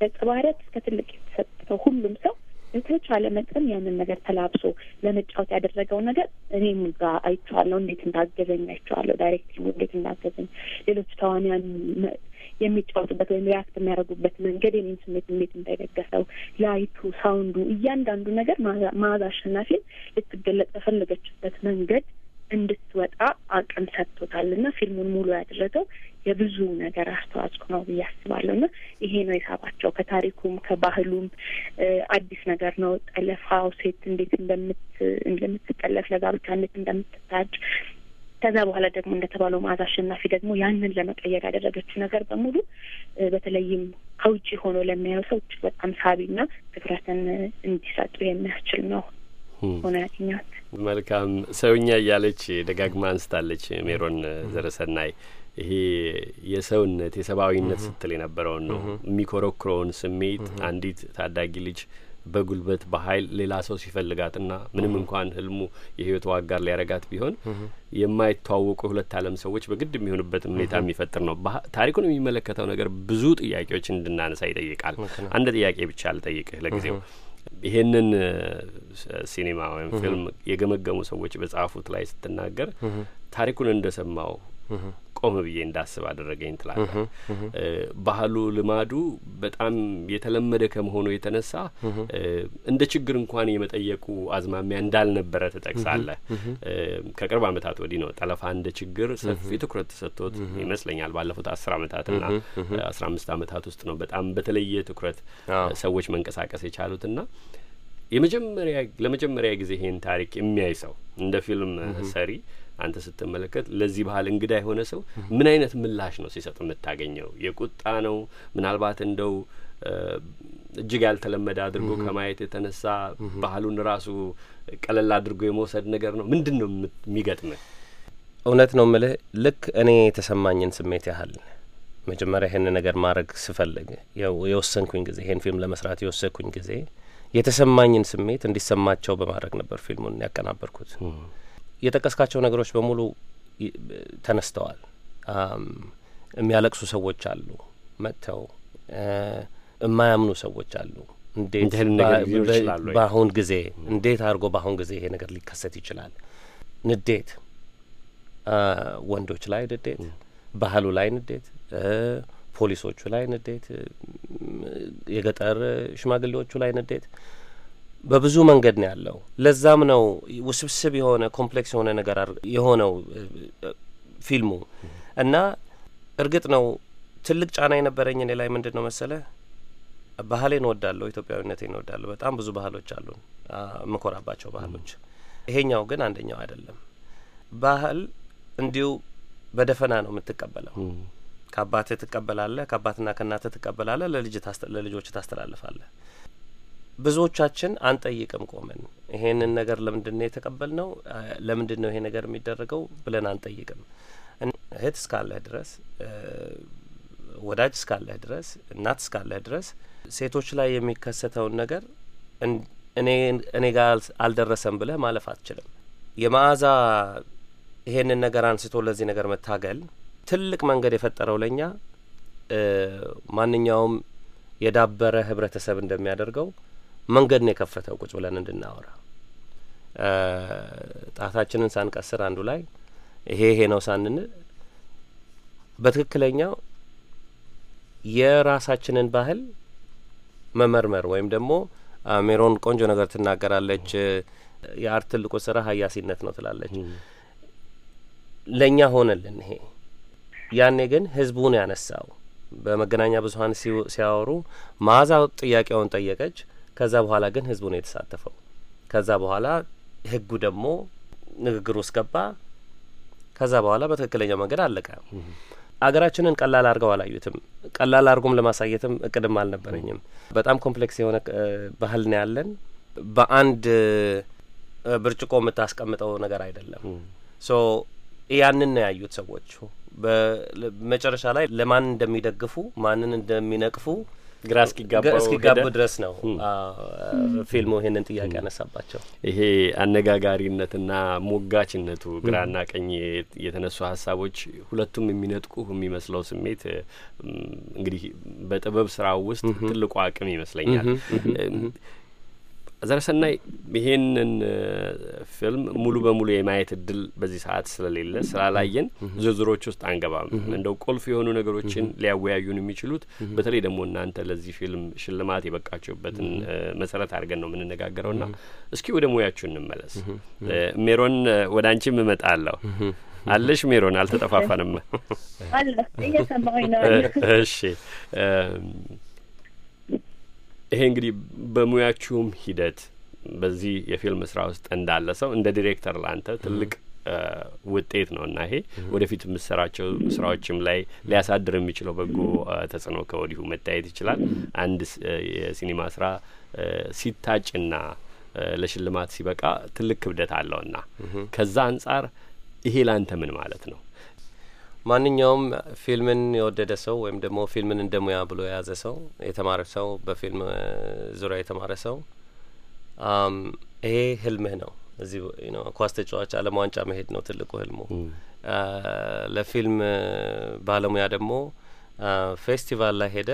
ገጸ ባህሪያት እስከ ትልቅ የተሰጠው ሁሉም ሰው በተቻለ መጠን ያንን ነገር ተላብሶ ለመጫወት ያደረገው ነገር እኔም ጋር አይቼዋለሁ። እንዴት እንዳገዘኝ አይቼዋለሁ። ዳይሬክቲቭ እንዴት እንዳገዘኝ ሌሎች ተዋንያን የሚጫወቱበት ወይም ሪያክት የሚያደርጉበት መንገድ የኔን ስሜት እንዴት እንዳይደገሰው ላይቱ፣ ሳውንዱ፣ እያንዳንዱ ነገር መዓዛ አሸናፊን ልትገለጽ በፈለገችበት መንገድ እንድትወጣ አቅም ሰጥቶታል እና ፊልሙን ሙሉ ያደረገው የብዙ ነገር አስተዋጽኦ ነው ብዬ አስባለሁ እና ይሄ ነው የሳባቸው። ከታሪኩም ከባህሉም አዲስ ነገር ነው። ጠለፋው ሴት እንዴት እንደምትጠለፍ ለጋብቻ እንዴት እንደምትታጭ ከዛ በኋላ ደግሞ እንደተባለው መዓዛ አሸናፊ ደግሞ ያንን ለመቀየር ያደረገችው ነገር በሙሉ በተለይም ከውጭ ሆኖ ለሚያየው ሰው በጣም ሳቢና ትኩረትን እንዲሰጡ የሚያስችል ነው ሆነ ያገኛት መልካም ሰውኛ እያለች ደጋግማ አንስታለች ሜሮን ዘረሰናይ። ይሄ የሰውነት የሰብአዊነት ስትል የነበረውን ነው የሚኮረኩረውን ስሜት አንዲት ታዳጊ ልጅ በጉልበት በኃይል ሌላ ሰው ሲፈልጋትና ምንም እንኳን ህልሙ የህይወት ዋጋር ሊያረጋት ቢሆን የማይተዋወቁ ሁለት አለም ሰዎች በግድ የሚሆኑበትን ሁኔታ የሚፈጥር ነው። ታሪኩን የሚመለከተው ነገር ብዙ ጥያቄዎች እንድናነሳ ይጠይቃል። አንድ ጥያቄ ብቻ አልጠይቅህ ለጊዜው ይሄንን ሲኒማ ወይም ፊልም የገመገሙ ሰዎች በጻፉት ላይ ስትናገር ታሪኩን እንደሰማው ቆም ብዬ እንዳስብ አደረገኝ ትላለ። ባህሉ ልማዱ በጣም የተለመደ ከመሆኑ የተነሳ እንደ ችግር እንኳን የመጠየቁ አዝማሚያ እንዳልነበረ ትጠቅሳለህ። ከቅርብ ዓመታት ወዲህ ነው ጠለፋ እንደ ችግር ሰፊ ትኩረት ተሰጥቶት ይመስለኛል። ባለፉት አስር ዓመታትና አስራ አምስት ዓመታት ውስጥ ነው በጣም በተለየ ትኩረት ሰዎች መንቀሳቀስ የቻሉትና የመጀመሪያ ለመጀመሪያ ጊዜ ይህን ታሪክ የሚያይ ሰው እንደ ፊልም ሰሪ አንተ ስትመለከት ለዚህ ባህል እንግዳ የሆነ ሰው ምን አይነት ምላሽ ነው ሲሰጥ የምታገኘው? የቁጣ ነው? ምናልባት እንደው እጅግ ያልተለመደ አድርጎ ከማየት የተነሳ ባህሉን ራሱ ቀለል አድርጎ የመውሰድ ነገር ነው? ምንድን ነው የሚገጥምህ? እውነት ነው ምልህ ልክ እኔ የተሰማኝን ስሜት ያህል መጀመሪያ ይህን ነገር ማድረግ ስፈልግ የወሰንኩኝ ጊዜ ይህን ፊልም ለመስራት የወሰንኩኝ ጊዜ የተሰማኝን ስሜት እንዲሰማቸው በማድረግ ነበር ፊልሙን ያቀናበርኩት። የጠቀስካቸው ነገሮች በሙሉ ተነስተዋል። የሚያለቅሱ ሰዎች አሉ፣ መጥተው የማያምኑ ሰዎች አሉ። እንዴት በአሁን ጊዜ እንዴት አድርጎ በአሁን ጊዜ ይሄ ነገር ሊከሰት ይችላል? ንዴት፣ ወንዶች ላይ ንዴት፣ ባህሉ ላይ ንዴት፣ ፖሊሶቹ ላይ ንዴት፣ የገጠር ሽማግሌዎቹ ላይ ንዴት በብዙ መንገድ ነው ያለው። ለዛም ነው ውስብስብ የሆነ ኮምፕሌክስ የሆነ ነገር የሆነው ፊልሙ እና እርግጥ ነው ትልቅ ጫና የነበረኝ እኔ ላይ ምንድን ነው መሰለ፣ ባህሌን እወዳለሁ፣ ኢትዮጵያዊነቴን እወዳለሁ። በጣም ብዙ ባህሎች አሉን፣ ምኮራባቸው ባህሎች። ይሄኛው ግን አንደኛው አይደለም። ባህል እንዲሁ በደፈና ነው የምትቀበለው። ከአባትህ ትቀበላለህ፣ ከአባትና ከእናትህ ትቀበላለህ፣ ለልጆች ታስተላልፋለህ። ብዙዎቻችን አንጠይቅም ቆመን ይሄንን ነገር ለምንድን ነው የተቀበል ነው ለምንድን ነው ይሄ ነገር የሚደረገው ብለን አንጠይቅም። እህት እስካለህ ድረስ ወዳጅ እስካለህ ድረስ እናት እስካለህ ድረስ ሴቶች ላይ የሚከሰተውን ነገር እኔ እኔ ጋር አልደረሰም ብለህ ማለፍ አትችልም። የመዓዛ ይሄንን ነገር አንስቶ ለዚህ ነገር መታገል ትልቅ መንገድ የፈጠረው ለእኛ ማንኛውም የዳበረ ህብረተሰብ እንደሚያደርገው መንገድ ነው የከፈተው ቁጭ ብለን እንድናወራ ጣታችንን ሳንቀስር አንዱ ላይ ይሄ ይሄ ነው ሳንን በትክክለኛው የራሳችንን ባህል መመርመር ወይም ደግሞ ሜሮን ቆንጆ ነገር ትናገራለች። የአርት ትልቁ ስራ ሀያሲነት ነው ትላለች። ለእኛ ሆነልን ይሄ። ያኔ ግን ህዝቡን ያነሳው በመገናኛ ብዙሀን ሲያወሩ ማዛ ጥያቄውን ጠየቀች። ከዛ በኋላ ግን ህዝቡ ነው የተሳተፈው። ከዛ በኋላ ህጉ ደግሞ ንግግር ውስጥ ገባ። ከዛ በኋላ በትክክለኛው መንገድ አለቀ። አገራችንን ቀላል አድርገው አላዩትም። ቀላል አድርጎም ለማሳየትም እቅድም አልነበረኝም። በጣም ኮምፕሌክስ የሆነ ባህል ነው ያለን። በአንድ ብርጭቆ የምታስቀምጠው ነገር አይደለም። ሶ ያንን ነው ያዩት ሰዎች። በመጨረሻ ላይ ለማን እንደሚደግፉ ማንን እንደሚነቅፉ ግራ እስኪጋቡ ድረስ ነው ፊልሙ ይህንን ጥያቄ ያነሳባቸው። ይሄ አነጋጋሪነትና ሞጋችነቱ ግራና ቀኝ የተነሱ ሀሳቦች ሁለቱም የሚነጥቁ የሚመስለው ስሜት እንግዲህ በጥበብ ስራው ውስጥ ትልቁ አቅም ይመስለኛል። ዘረሰናይ ይሄንን ፊልም ሙሉ በሙሉ የማየት እድል በዚህ ሰዓት ስለሌለ ስላላየን ዝርዝሮች ውስጥ አንገባም። እንደው ቁልፍ የሆኑ ነገሮችን ሊያወያዩን የሚችሉት በተለይ ደግሞ እናንተ ለዚህ ፊልም ሽልማት የበቃችሁበትን መሰረት አድርገን ነው የምንነጋገረው ና እስኪ ወደ ሙያችሁ እንመለስ። ሜሮን ወደ አንቺም እመጣለሁ። አለሽ ሜሮን፣ አልተጠፋፋንም። እሺ ይሄ እንግዲህ በሙያችሁም ሂደት በዚህ የፊልም ስራ ውስጥ እንዳለ ሰው እንደ ዲሬክተር ላንተ ትልቅ ውጤት ነው እና ይሄ ወደፊት የምሰራቸው ስራዎችም ላይ ሊያሳድር የሚችለው በጎ ተጽዕኖ ከወዲሁ መታየት ይችላል። አንድ የሲኒማ ስራ ሲታጭና ለሽልማት ሲበቃ ትልቅ ክብደት አለውና ከዛ አንጻር ይሄ ላንተ ምን ማለት ነው? ማንኛውም ፊልምን የወደደ ሰው ወይም ደግሞ ፊልምን እንደሙያ ብሎ የያዘ ሰው የተማረ ሰው በፊልም ዙሪያ የተማረ ሰው ይሄ ህልምህ ነው። እዚህ ኳስ ተጫዋች አለም ዋንጫ መሄድ ነው ትልቁ ህልሙ። ለፊልም ባለሙያ ደግሞ ፌስቲቫል ላይ ሄደ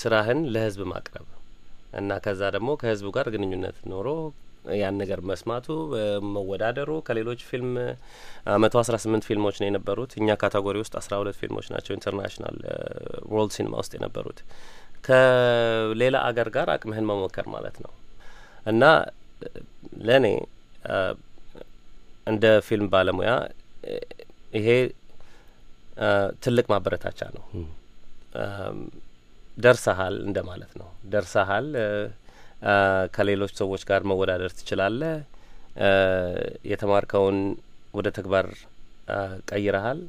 ስራህን ለህዝብ ማቅረብ እና ከዛ ደግሞ ከህዝቡ ጋር ግንኙነት ኖሮ ያን ነገር መስማቱ መወዳደሩ ከሌሎች ፊልም መቶ አስራ ስምንት ፊልሞች ነው የነበሩት። እኛ ካታጎሪ ውስጥ አስራ ሁለት ፊልሞች ናቸው ኢንተርናሽናል ወርልድ ሲኒማ ውስጥ የነበሩት። ከሌላ አገር ጋር አቅምህን መሞከር ማለት ነው እና ለእኔ እንደ ፊልም ባለሙያ ይሄ ትልቅ ማበረታቻ ነው። ደርሰሃል እንደ ማለት ነው። ደርሰሃል ከሌሎች ሰዎች ጋር መወዳደር ትችላለ። የተማርከውን ወደ ተግባር ቀይረሃል።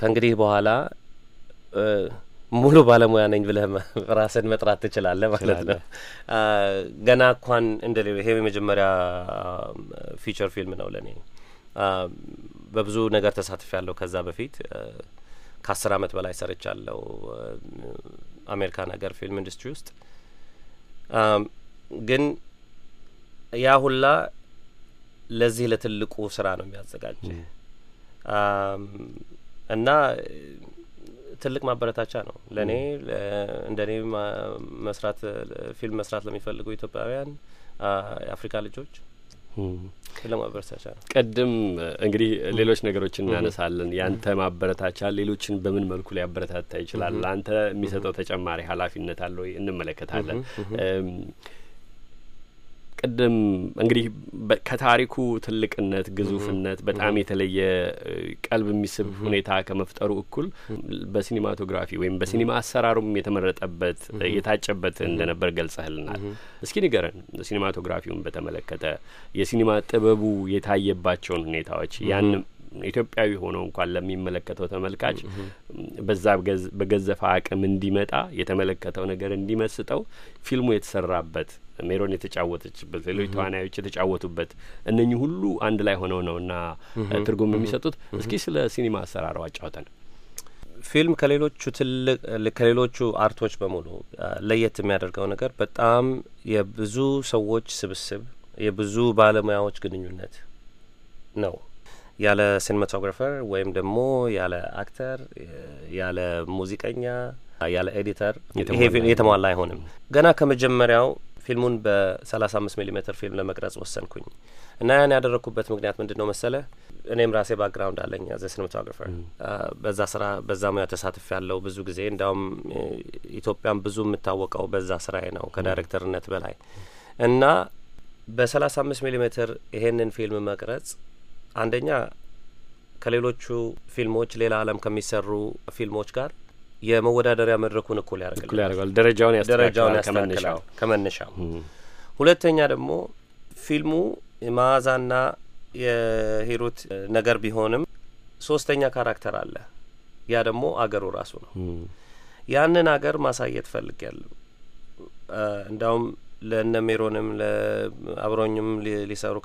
ከእንግዲህ በኋላ ሙሉ ባለሙያ ነኝ ብለህ ራስን መጥራት ትችላለህ ማለት ነው። ገና እንኳን እንደ ይሄ የመጀመሪያ ፊቸር ፊልም ነው ለእኔ። በብዙ ነገር ተሳትፍ ያለው ከዛ በፊት ከአስር አመት በላይ ሰርቻለሁ። አሜሪካን ሀገር ፊልም ኢንዱስትሪ ውስጥ ግን ያ ሁላ ለዚህ ለትልቁ ስራ ነው የሚያዘጋጅ እና ትልቅ ማበረታቻ ነው ለእኔ እንደ እኔ መስራት ፊልም መስራት ለሚፈልጉ ኢትዮጵያውያን የአፍሪካ ልጆች ለማበረታቻ ነው። ቅድም እንግዲህ ሌሎች ነገሮችን እናነሳለን። ያንተ ማበረታቻ ሌሎችን በምን መልኩ ሊያበረታታ ይችላል? አንተ የሚሰጠው ተጨማሪ ኃላፊነት አለ ወይ? እንመለከታለን። ቅድም እንግዲህ ከታሪኩ ትልቅነት፣ ግዙፍነት በጣም የተለየ ቀልብ የሚስብ ሁኔታ ከመፍጠሩ እኩል በሲኒማቶግራፊ ወይም በሲኒማ አሰራሩም የተመረጠበት የታጨበት እንደነበር ገልጸህልናል። እስኪ ንገረን ሲኒማቶግራፊውን በተመለከተ የሲኒማ ጥበቡ የታየባቸውን ሁኔታዎች ያን ኢትዮጵያዊ ሆኖ እንኳን ለሚመለከተው ተመልካች በዛ በገዘፈ አቅም እንዲመጣ የተመለከተው ነገር እንዲመስጠው ፊልሙ የተሰራበት ሜሮን የተጫወተችበት ሌሎች ተዋናዮች የተጫወቱበት እነኚህ ሁሉ አንድ ላይ ሆነው እና ትርጉም የሚሰጡት። እስኪ ስለ ሲኒማ አሰራረው አጫውተን። ፊልም ከሌሎቹ ትልቅ ከሌሎቹ አርቶች በሙሉ ለየት የሚያደርገው ነገር በጣም የብዙ ሰዎች ስብስብ፣ የብዙ ባለሙያዎች ግንኙነት ነው። ያለ ሲኒማቶግራፈር ወይም ደግሞ ያለ አክተር፣ ያለ ሙዚቀኛ፣ ያለ ኤዲተር የተሟላ አይሆንም። ገና ከመጀመሪያው ፊልሙን በ35 ሚሊ ሜትር ፊልም ለመቅረጽ ወሰንኩኝ እና ያን ያደረግኩበት ምክንያት ምንድን ነው መሰለ? እኔም ራሴ ባክግራውንድ አለኝ ዘ ሲኒማቶግራፈር በዛ ስራ በዛ ሙያ ተሳትፍ ያለው ብዙ ጊዜ እንዲያውም ኢትዮጵያን ብዙ የምታወቀው በዛ ስራ ነው ከዳይሬክተርነት በላይ እና በ35 ሚሊ ሜትር ይሄንን ፊልም መቅረጽ አንደኛ ከሌሎቹ ፊልሞች ሌላ አለም ከሚሰሩ ፊልሞች ጋር የመወዳደሪያ መድረኩን እኩል ያደርጋል፣ ደረጃውን ያስተካክላል ከመነሻው። ሁለተኛ ደግሞ ፊልሙ የመዓዛና የሂሩት ነገር ቢሆንም ሶስተኛ ካራክተር አለ። ያ ደግሞ አገሩ ራሱ ነው። ያንን አገር ማሳየት ፈልግ ያለው እንዳውም ለእነ ሜሮንም አብሮኝም ሊሰሩ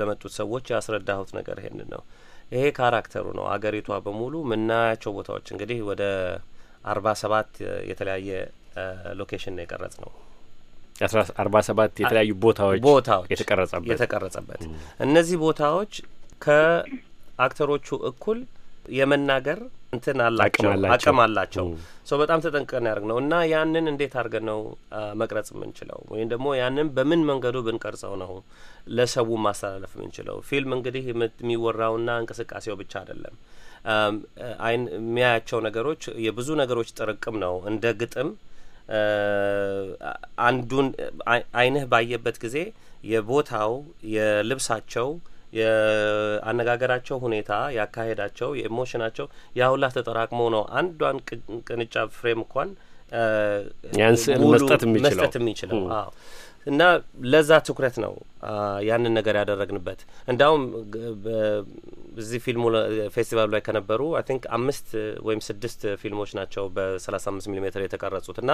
ለመጡት ሰዎች ያስረዳሁት ነገር ይሄን ነው። ይሄ ካራክተሩ ነው። አገሪቷ በሙሉ ምናያቸው ቦታዎች እንግዲህ ወደ አርባ ሰባት የተለያየ ሎኬሽን ነው የቀረጽ ነው። አርባ ሰባት የተለያዩ ቦታዎች ቦታዎች የተቀረጸበት የተቀረጸበት እነዚህ ቦታዎች ከአክተሮቹ እኩል የመናገር እንትን አላቸው አቅም አላቸው። ሰው በጣም ተጠንቀን ያደርግ ነው እና ያንን እንዴት አድርገን ነው መቅረጽ የምንችለው ወይም ደግሞ ያንን በምን መንገዱ ብንቀርጸው ነው ለሰው ማስተላለፍ የምንችለው? ፊልም እንግዲህ የሚወራውና እንቅስቃሴው ብቻ አይደለም። አይን የሚያያቸው ነገሮች የብዙ ነገሮች ጥርቅም ነው። እንደ ግጥም አንዱን አይንህ ባየበት ጊዜ የቦታው የልብሳቸው የአነጋገራቸው ሁኔታ ያካሄዳቸው የኢሞሽናቸው ያ ሁላ ተጠራቅሞ ነው አንዷን ቅንጫ ፍሬም እንኳን ያን ስዕል መስጠት የሚችለው እና ለዛ ትኩረት ነው ያንን ነገር ያደረግንበት። እንዲያውም እዚህ ፊልሙ ፌስቲቫሉ ላይ ከነበሩ አይ ቲንክ አምስት ወይም ስድስት ፊልሞች ናቸው በሰላሳ አምስት ሚሊ ሜትር የተቀረጹት እና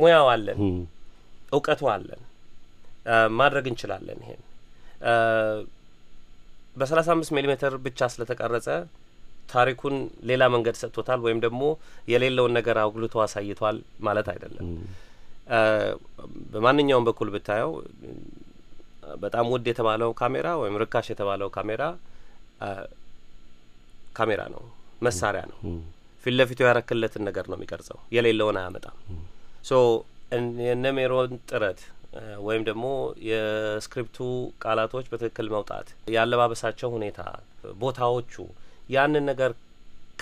ሙያው አለን፣ እውቀቱ አለን ማድረግ እንችላለን። ይሄን በሰላሳ አምስት ሜትር ብቻ ስለተቀረጸ ታሪኩን ሌላ መንገድ ሰጥቶታል ወይም ደግሞ የሌለውን ነገር አጉልቶ አሳይቷል ማለት አይደለም። በማንኛውም በኩል ብታየው በጣም ውድ የተባለው ካሜራ ወይም ርካሽ የተባለው ካሜራ ካሜራ ነው፣ መሳሪያ ነው። ፊት ለፊቱ ያረክለትን ነገር ነው የሚቀርጸው፣ የሌለውን አያመጣም። ሶ የነሜሮን ጥረት ወይም ደግሞ የስክሪፕቱ ቃላቶች በትክክል መውጣት፣ ያለባበሳቸው ሁኔታ፣ ቦታዎቹ ያንን ነገር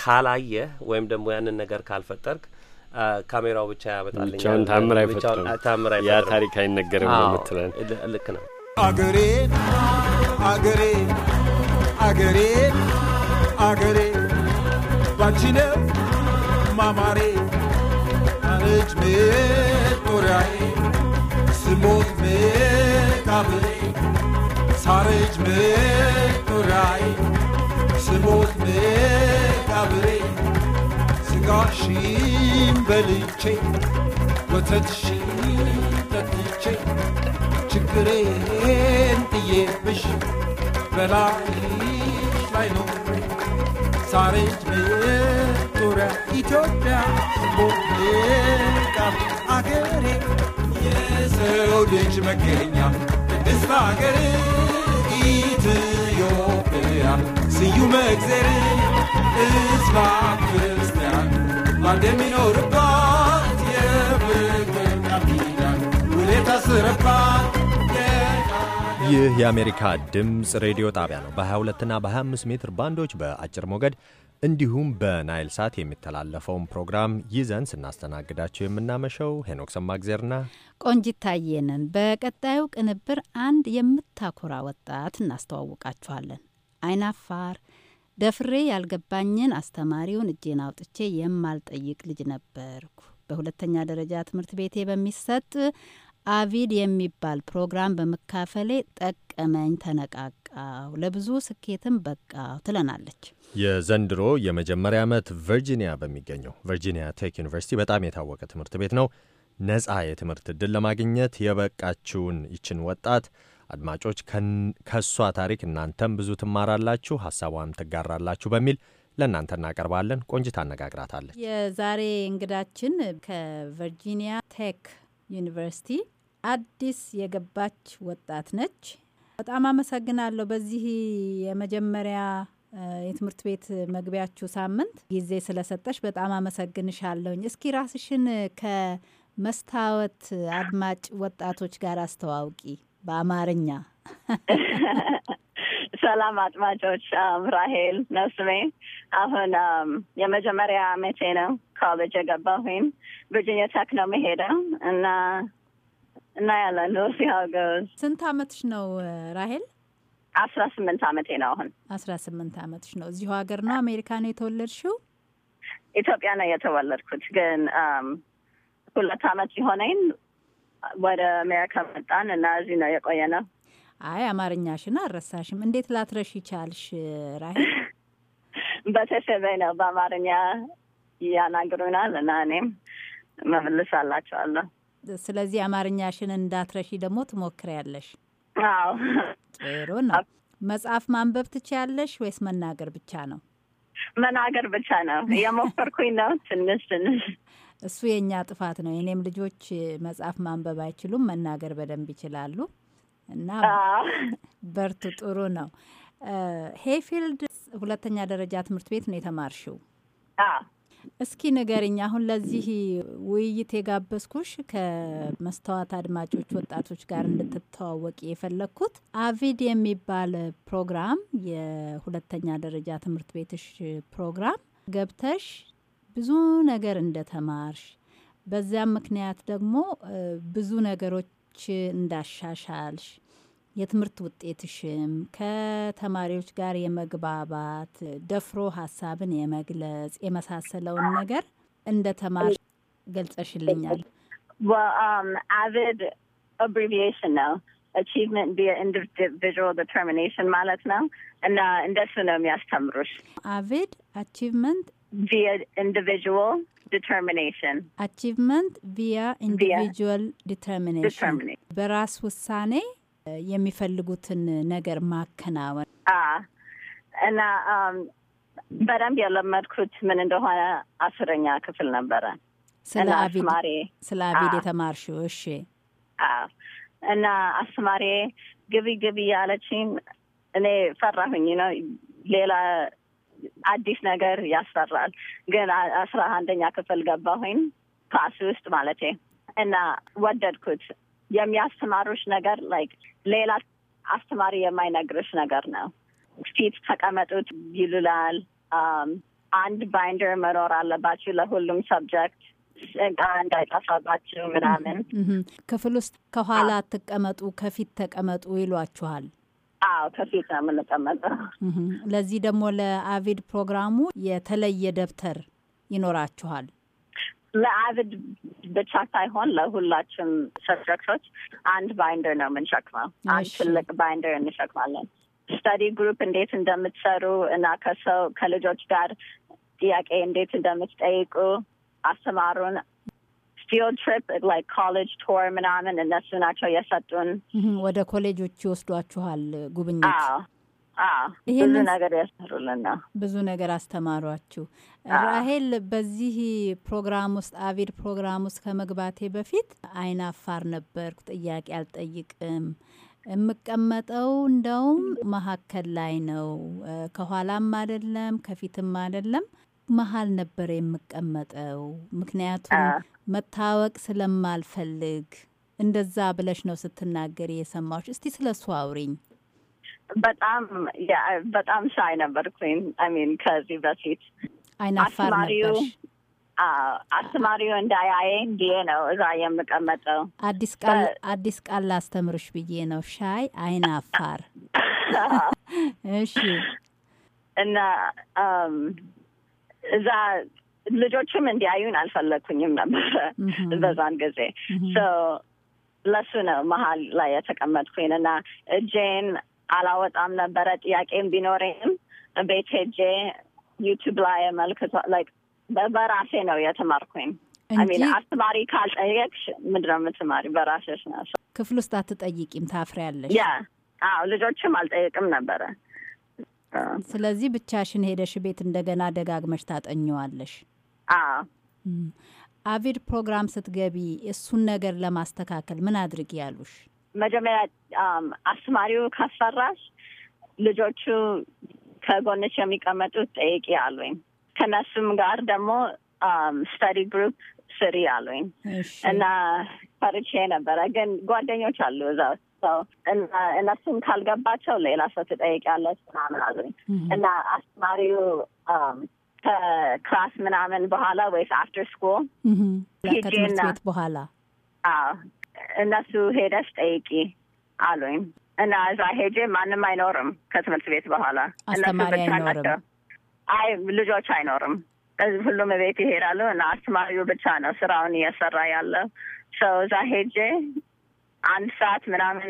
ካላየህ ወይም ደግሞ ያንን ነገር ካልፈጠርክ ካሜራው ብቻ ያመጣልኛል ብቻውን ታምር አይፈጥርም፣ ታምር አይፈጥርም፣ ያ ታሪክ አይነገርም ነው የምትለን። ልክ ነው። አገሬ አገሬ አገሬ አገሬ ባንቺ ነው ማማሬ አለች ሜጦሪያዬ ስሙት ምጣብሌ ሳረጅ ምጡራይ ስሙት ምጣብሌ ስጋሽም በልቼ ወተትሽም ጠጥቼ ችግሬን ጥዬብሽ በላይሽ ላይ ነው ሳረጅ ምጡራ ኢትዮጵያ ስሙት ምጣብ አገሬ የሰው ልጅ መገኛ ቅድስት አገር ኢትዮጵያ ስዩመ እግዜር ሕዝባ ክርስቲያን ባንድ የሚኖርባት የፍቅር ኪዳን ውለታ ስረባት ይህ የአሜሪካ ድምፅ ሬዲዮ ጣቢያ ነው። በ22 እና በ25 ሜትር ባንዶች በአጭር ሞገድ እንዲሁም በናይል ሳት የሚተላለፈውን ፕሮግራም ይዘን ስናስተናግዳቸው የምናመሸው ሄኖክ ሰማግዜርና ቆንጂት ታየ በቀጣዩ ቅንብር አንድ የምታኮራ ወጣት እናስተዋውቃችኋለን። አይናፋር ደፍሬ ያልገባኝን አስተማሪውን እጄን አውጥቼ የማልጠይቅ ልጅ ነበርኩ። በሁለተኛ ደረጃ ትምህርት ቤቴ በሚሰጥ አቪድ የሚባል ፕሮግራም በመካፈሌ ጠቀመኝ፣ ተነቃቅ ለብዙ ስኬትም በቃው ትለናለች። የዘንድሮ የመጀመሪያ ዓመት ቨርጂኒያ በሚገኘው ቨርጂኒያ ቴክ ዩኒቨርሲቲ በጣም የታወቀ ትምህርት ቤት ነው። ነጻ የትምህርት ዕድል ለማግኘት የበቃችውን ይችን ወጣት አድማጮች ከእሷ ታሪክ እናንተም ብዙ ትማራላችሁ፣ ሀሳቧም ትጋራላችሁ በሚል ለእናንተ እናቀርባለን። ቆንጅት አነጋግራታለች። የዛሬ እንግዳችን ከቨርጂኒያ ቴክ ዩኒቨርሲቲ አዲስ የገባች ወጣት ነች። በጣም አመሰግናለሁ። በዚህ የመጀመሪያ የትምህርት ቤት መግቢያችሁ ሳምንት ጊዜ ስለሰጠሽ በጣም አመሰግንሻለሁኝ። እስኪ ራስሽን ከመስታወት አድማጭ ወጣቶች ጋር አስተዋውቂ በአማርኛ። ሰላም አድማጮች፣ ራሄል ነው ስሜ። አሁን የመጀመሪያ አመቴ ነው ኮሌጅ የገባሁኝ። ቨርጂኒያ ቴክ ነው መሄደው እና እናያለን። ስንት አመትሽ ነው ራሄል? አስራ ስምንት አመቴ ነው አሁን። አስራ ስምንት አመትሽ ነው። እዚሁ ሀገር ነው አሜሪካ ነው የተወለድሽው? ኢትዮጵያ ነው የተወለድኩት፣ ግን ሁለት አመት የሆነኝ ወደ አሜሪካ መጣን እና እዚህ ነው የቆየ ነው። አይ አማርኛሽን አልረሳሽም። እንዴት ላትረሽ ይቻልሽ ራሄል? በተሰበይ ነው በአማርኛ ያናግሩናል እና እኔም መመልሳላቸዋለሁ። ስለዚህ አማርኛሽን እንዳትረሺ ደግሞ ትሞክሪያለሽ። ጥሩ ነው። መጽሐፍ ማንበብ ትችያለሽ ወይስ መናገር ብቻ ነው? መናገር ብቻ ነው። የሞከርኩኝ ነው ትንሽ ትንሽ። እሱ የእኛ ጥፋት ነው። የኔም ልጆች መጽሐፍ ማንበብ አይችሉም፣ መናገር በደንብ ይችላሉ። እና በርቱ። ጥሩ ነው። ሄይፊልድ ሁለተኛ ደረጃ ትምህርት ቤት ነው የተማርሽው? እስኪ ንገርኝ። አሁን ለዚህ ውይይት የጋበዝኩሽ ከመስተዋት አድማጮች ወጣቶች ጋር እንድትተዋወቂ የፈለግኩት አቪድ የሚባል ፕሮግራም የሁለተኛ ደረጃ ትምህርት ቤትሽ ፕሮግራም ገብተሽ ብዙ ነገር እንደተማርሽ በዚያም ምክንያት ደግሞ ብዙ ነገሮች እንዳሻሻልሽ የትምህርት ውጤትሽም ከተማሪዎች ጋር የመግባባት ደፍሮ ሀሳብን የመግለጽ የመሳሰለውን ነገር እንደ ተማሪ ገልጸሽልኛል። አቪድ አብሪቪዬሽን um, ነው አቺቭመንት በኢንዲቪዥዋል ዲተርሚኔሽን ማለት ነው እና እንደሱ ነው የሚያስተምሩሽ። አቪድ አቺቭመንት ቪያ ኢንዲቪዥዋል ዲተርሚኔሽን አቺቭመንት ቪያ ኢንዲቪዥዋል ዲተርሚኔሽን በራስ ውሳኔ የሚፈልጉትን ነገር ማከናወን እና በደንብ የለመድኩት ምን እንደሆነ አስረኛ ክፍል ነበረ። ስለ አስማሬ ስለ የተማርሽው? እሺ። እና አስማሬ ግቢ ግቢ ያለችኝ እኔ ፈራሁኝ ነው። ሌላ አዲስ ነገር ያስፈራል። ግን አስራ አንደኛ ክፍል ገባሁኝ ክላስ ውስጥ ማለቴ እና ወደድኩት የሚያስተማሩሽ ነገር ላይክ ሌላ አስተማሪ የማይነግርሽ ነገር ነው። ፊት ተቀመጡት ይሉላል። um, አንድ ባይንደር መኖር አለባችሁ ለሁሉም ሰብጀክት እንዳይጠፋባችሁ ምናምን። ክፍል ውስጥ ከኋላ ትቀመጡ ከፊት ተቀመጡ ይሏችኋል። አዎ ከፊት ነው የምንቀመጠው። ለዚህ ደግሞ ለአቪድ ፕሮግራሙ የተለየ ደብተር ይኖራችኋል። ለአብድ ብቻ ሳይሆን ለሁላችን ሰብጀክቶች አንድ ባይንደር ነው የምንሸክመው። አንድ ትልቅ ባይንደር እንሸክማለን። ስተዲ ግሩፕ እንዴት እንደምትሰሩ እና ከሰው ከልጆች ጋር ጥያቄ እንዴት እንደምትጠይቁ አስተማሩን። ፊልድ ትሪፕ ላይ ኮሌጅ ቶር ምናምን እነሱ ናቸው የሰጡን። ወደ ኮሌጆች ይወስዷችኋል ጉብኝት ብዙ ነገር ያሰሩልና ብዙ ነገር አስተማሯችሁ። ራሄል በዚህ ፕሮግራም ውስጥ አቪድ ፕሮግራም ውስጥ ከመግባቴ በፊት አይን አፋር ነበርኩ። ጥያቄ አልጠይቅም የምቀመጠው እንደውም መሀከል ላይ ነው። ከኋላም አይደለም ከፊትም አይደለም መሀል ነበር የምቀመጠው። ምክንያቱም መታወቅ ስለማልፈልግ እንደዛ ብለሽ ነው ስትናገር የሰማዎች። እስቲ ስለ እሱ አውሪኝ። በጣም በጣም ሻይ ነበርኩኝ። ሚን ከዚህ በፊት አስተማሪው አስተማሪው እንዳያየኝ ብዬ ነው እዛ የምቀመጠው። አዲስ ቃል አዲስ ቃል ላስተምርሽ ብዬ ነው ሻይ አይናፋር። እሺ። እና እዛ ልጆችም እንዲያዩን አልፈለግኩኝም ነበረ በዛን ጊዜ ለሱ ነው መሀል ላይ የተቀመጥኩኝ እና እጄን አላወጣም ነበረ። ጥያቄም ቢኖረኝም ቤት ሄጄ ዩቱብ ላይ መልክቷ በራሴ ነው የተማርኩኝ። አሚን አስተማሪ ካልጠየቅሽ ምንድን ነው የምትማሪ? በራሴሽ ነው። ክፍል ውስጥ አትጠይቂም፣ ታፍሪያለሽ። ያ አዎ፣ ልጆችም አልጠየቅም ነበረ። ስለዚህ ብቻሽን ሄደሽ ቤት እንደገና ደጋግመሽ ታጠኘዋለሽ። አቪድ ፕሮግራም ስትገቢ እሱን ነገር ለማስተካከል ምን አድርጊ ያሉሽ? መጀመሪያ um, አስተማሪው ካስፈራሽ ልጆቹ ከጎንሽ የሚቀመጡት ጠይቂ አሉኝ። ከነሱም ጋር ደግሞ ስተዲ um, ግሩፕ ስሪ አሉኝ እና ፈርቼ ነበረ። ግን ጓደኞች አሉ እዛ ሰው እና እነሱም ካልገባቸው ሌላ ሰው ትጠይቂያለሽ ምናምን አሉኝ እና አስተማሪው um, ከክላስ ምናምን በኋላ ወይስ አፍተር ስኩል ሄጄ እና በኋላ እነሱ ሄደሽ ጠይቂ አሉኝ እና እዛ ሄጄ ማንም አይኖርም ከትምህርት ቤት በኋላ አይ ልጆች አይኖርም። ሁሉም ቤት ይሄዳሉ እና አስተማሪው ብቻ ነው ስራውን እየሰራ ያለው ሰው እዛ ሄጄ አንድ ሰዓት ምናምን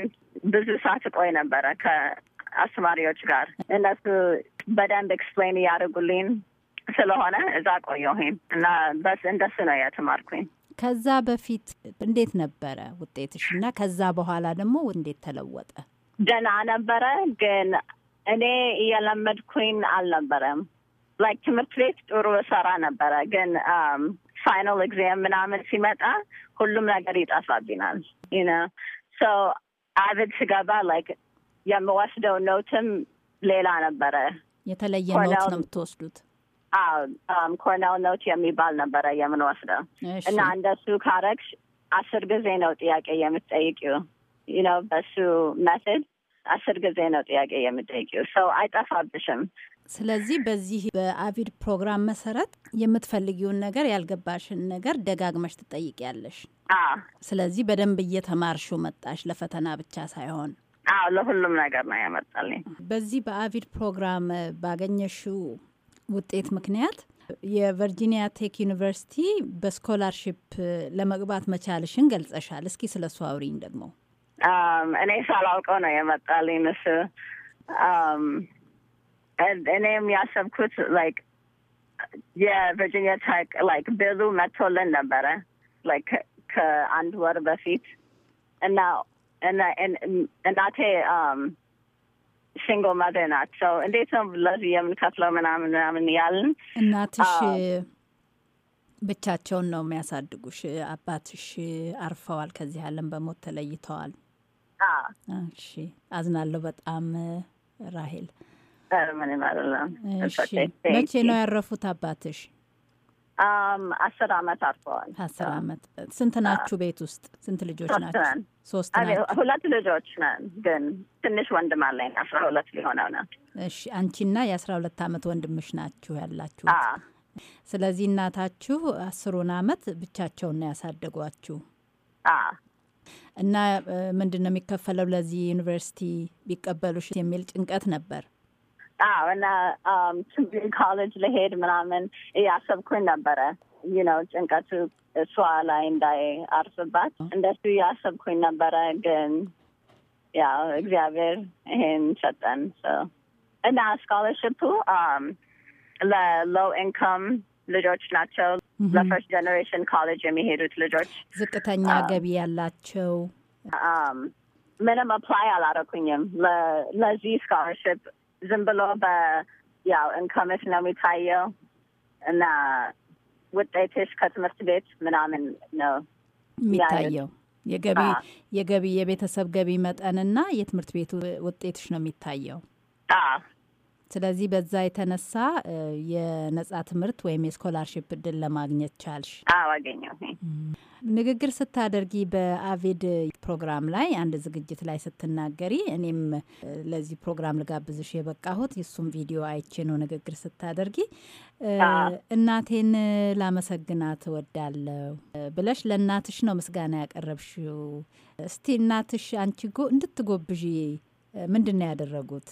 ብዙ ሰዓት እቆይ ነበረ ከአስተማሪዎች ጋር እነሱ በደንብ ኤክስፕሌን እያደርጉልኝ ስለሆነ እዛ ቆየሁኝ እና በስ እንደሱ ነው የተማርኩኝ። ከዛ በፊት እንዴት ነበረ ውጤትሽ? እና ከዛ በኋላ ደግሞ እንዴት ተለወጠ? ደህና ነበረ፣ ግን እኔ እየለመድኩኝ አልነበረም። ላይክ ትምህርት ቤት ጥሩ ሰራ ነበረ፣ ግን ፋይናል um, ኤግዛም ምናምን ሲመጣ ሁሉም ነገር ይጠፋብናል። ሰው አብድ ስገባ ላይክ የምወስደው ኖትም ሌላ ነበረ። የተለየ ኖት ነው የምትወስዱት? ኮርኔል ኖች የሚባል ነበረ የምንወስደው እና እንደሱ ካረግሽ አስር ጊዜ ነው ጥያቄ የምትጠይቂው ነው። በሱ ሜትድ አስር ጊዜ ነው ጥያቄ የምጠይቂው ሰው አይጠፋብሽም። ስለዚህ በዚህ በአቪድ ፕሮግራም መሰረት የምትፈልጊውን ነገር ያልገባሽን ነገር ደጋግመሽ ትጠይቂያለሽ። ስለዚህ በደንብ እየተማርሽው መጣሽ፣ ለፈተና ብቻ ሳይሆን። አዎ ለሁሉም ነገር ነው ያመጣልኝ። በዚህ በአቪድ ፕሮግራም ባገኘሽው ውጤት ምክንያት የቨርጂኒያ ቴክ ዩኒቨርሲቲ በስኮላርሽፕ ለመግባት መቻልሽን ገልጸሻል። እስኪ ስለ እሱ አውሪኝ። ደግሞ እኔ ሳላውቀው ነው የመጣልኝ ምስ እኔም ያሰብኩት ላይክ የቨርጂኒያ ቴክ ላይክ ብሉ መጥቶልን ነበረ ላይክ ከአንድ ወር በፊት እና እናቴ ሲንግል ማደር ናቸው። እንዴት ነው ለዚህ የምንከፍለው ምናምን ምናምን ያልን። እናትሽ um, ብቻቸውን ነው የሚያሳድጉሽ? አባትሽ አርፈዋል፣ ከዚህ ዓለም በሞት ተለይተዋል። እሺ፣ አዝናለሁ በጣም ራሄል። መቼ ነው ያረፉት አባትሽ? Um, አስር አመት አርፈዋል። አስር አመት ስንት ናችሁ ቤት ውስጥ ስንት ልጆች ናችሁ? ሶስት ሁለት ልጆች ነን፣ ግን ትንሽ ወንድም አለኝ አስራ ሁለት ሊሆነው ነው። እሺ አንቺና የአስራ ሁለት አመት ወንድምሽ ናችሁ ያላችሁ። ስለዚህ እናታችሁ አስሩን አመት ብቻቸውን ነው ያሳደጓችሁ እና ምንድን ነው የሚከፈለው ለዚህ ዩኒቨርሲቲ ቢቀበሉሽ የሚል ጭንቀት ነበር አዎ እና ኮሌጅ ለሄድ ምናምን እያሰብኩኝ ነበረ ነው ጭንቀቱ እሷ ላይ እንዳይአርፍባት እንደሱ እያሰብኩኝ ነበረ ግን ያው እግዚአብሔር ይሄን ሰጠን እና ስኮለርሽፑ ለሎው ኢንካም ልጆች ናቸው። ለፈርስት ጀኔሬሽን ኮሌጅ የሚሄዱት ልጆች ዝቅተኛ ገቢ ያላቸው ምንም አፕላይ አላረኩኝም ለዚህ ስኮለርሽፕ ዝም ብሎ ያው እንከመሽ ነው የሚታየው እና ውጤትሽ ከትምህርት ቤት ምናምን ነው የሚታየው። የገቢ የገቢ የቤተሰብ ገቢ መጠንና የትምህርት ቤቱ ውጤትሽ ነው የሚታየው። ስለዚህ በዛ የተነሳ የነጻ ትምህርት ወይም የስኮላርሽፕ እድል ለማግኘት ቻልሽ? አዎ አገኘሁ። ንግግር ስታደርጊ በአቪድ ፕሮግራም ላይ አንድ ዝግጅት ላይ ስትናገሪ እኔም ለዚህ ፕሮግራም ልጋብዝሽ የበቃሁት እሱም ቪዲዮ አይቼ ነው። ንግግር ስታደርጊ እናቴን ላመሰግናት እወዳለሁ ብለሽ ለእናትሽ ነው ምስጋና ያቀረብሽው። እስቲ እናትሽ አንቺ እንድትጎብዥ ምንድን ነው ያደረጉት?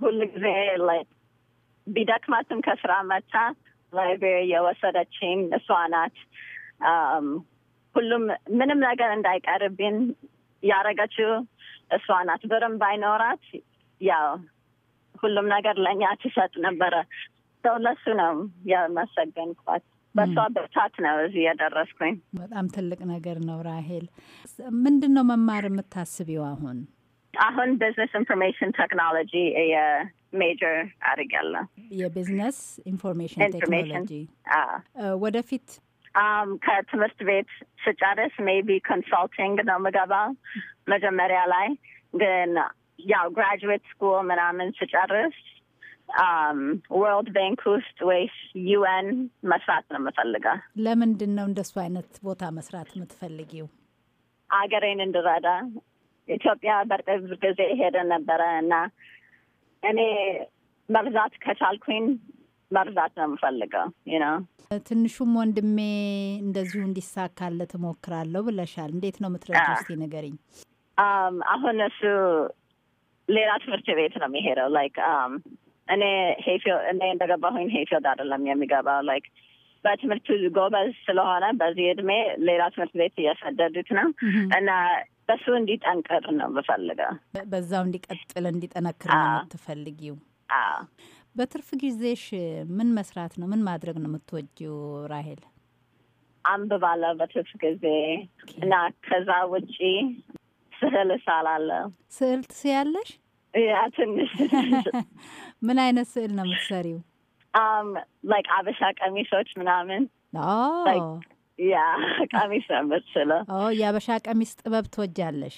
ሁል ጊዜ ቢደክማትም ከስራ መታ ላይብሬሪ የወሰደችኝ እሷ ናት። ሁሉም ምንም ነገር እንዳይቀርብን ያረገችው እሷ ናት። ብርም ባይኖራት ያው ሁሉም ነገር ለእኛ ትሰጥ ነበረ። ሰው ለሱ ነው የመሰገንኳት። በእሷ ብርታት ነው እዚህ የደረስኩኝ። በጣም ትልቅ ነገር ነው። ራሄል ምንድን ነው መማር የምታስቢው አሁን? አሁን ቢዝነስ ኢንፎርሜሽን ቴክኖሎጂ የሜጀር አድርጋለሁ። የቢዝነስ ኢንፎርሜሽን ቴክኖሎጂ ወደፊት ከትምህርት ቤት ስጨርስ ሜቢ ኮንሳልቲንግ ነው የምገባው። መጀመሪያ ላይ ግን ያው ግራጁዌት ስኩል ምናምን ስጨርስ ወርልድ um, ባንክ ውስጥ ወይስ ዩኤን መስራት ነው የምፈልገው። ለምንድን ነው እንደሱ አይነት ቦታ መስራት የምትፈልጊው? አገሬን እንድረዳ ኢትዮጵያ በርጥብ ጊዜ ሄደ ነበረ እና እኔ መብዛት ከቻልኩኝ መብዛት ነው የምፈልገው ነው። ትንሹም ወንድሜ እንደዚሁ እንዲሳካለት እሞክራለሁ ብለሻል። እንዴት ነው የምትረጂው? እስኪ ንገሪኝ። አሁን እሱ ሌላ ትምህርት ቤት ነው የሚሄደው። ላይክ እኔ ሄፊዮ እኔ እንደገባሁኝ ሄፊዮድ አይደለም የሚገባው። ላይክ በትምህርቱ ጎበዝ ስለሆነ በዚህ እድሜ ሌላ ትምህርት ቤት እየሰደዱት ነው እና በሱ እንዲጠንቀር ነው የምፈልገው። በዛው እንዲቀጥል እንዲጠነክር ነው የምትፈልጊው? በትርፍ ጊዜሽ ምን መስራት ነው ምን ማድረግ ነው የምትወጂው ራሄል? አንብባለሁ በትርፍ ጊዜ እና ከዛ ውጪ ስዕል እሳላለሁ። ስዕል ትስያለሽ? ያ ትንሽ። ምን አይነት ስዕል ነው የምትሰሪው? ላይክ አበሻ ቀሚሶች ምናምን ያ ቀሚስ ነው የምትችለው። የአበሻ ቀሚስ ጥበብ ትወጃለሽ?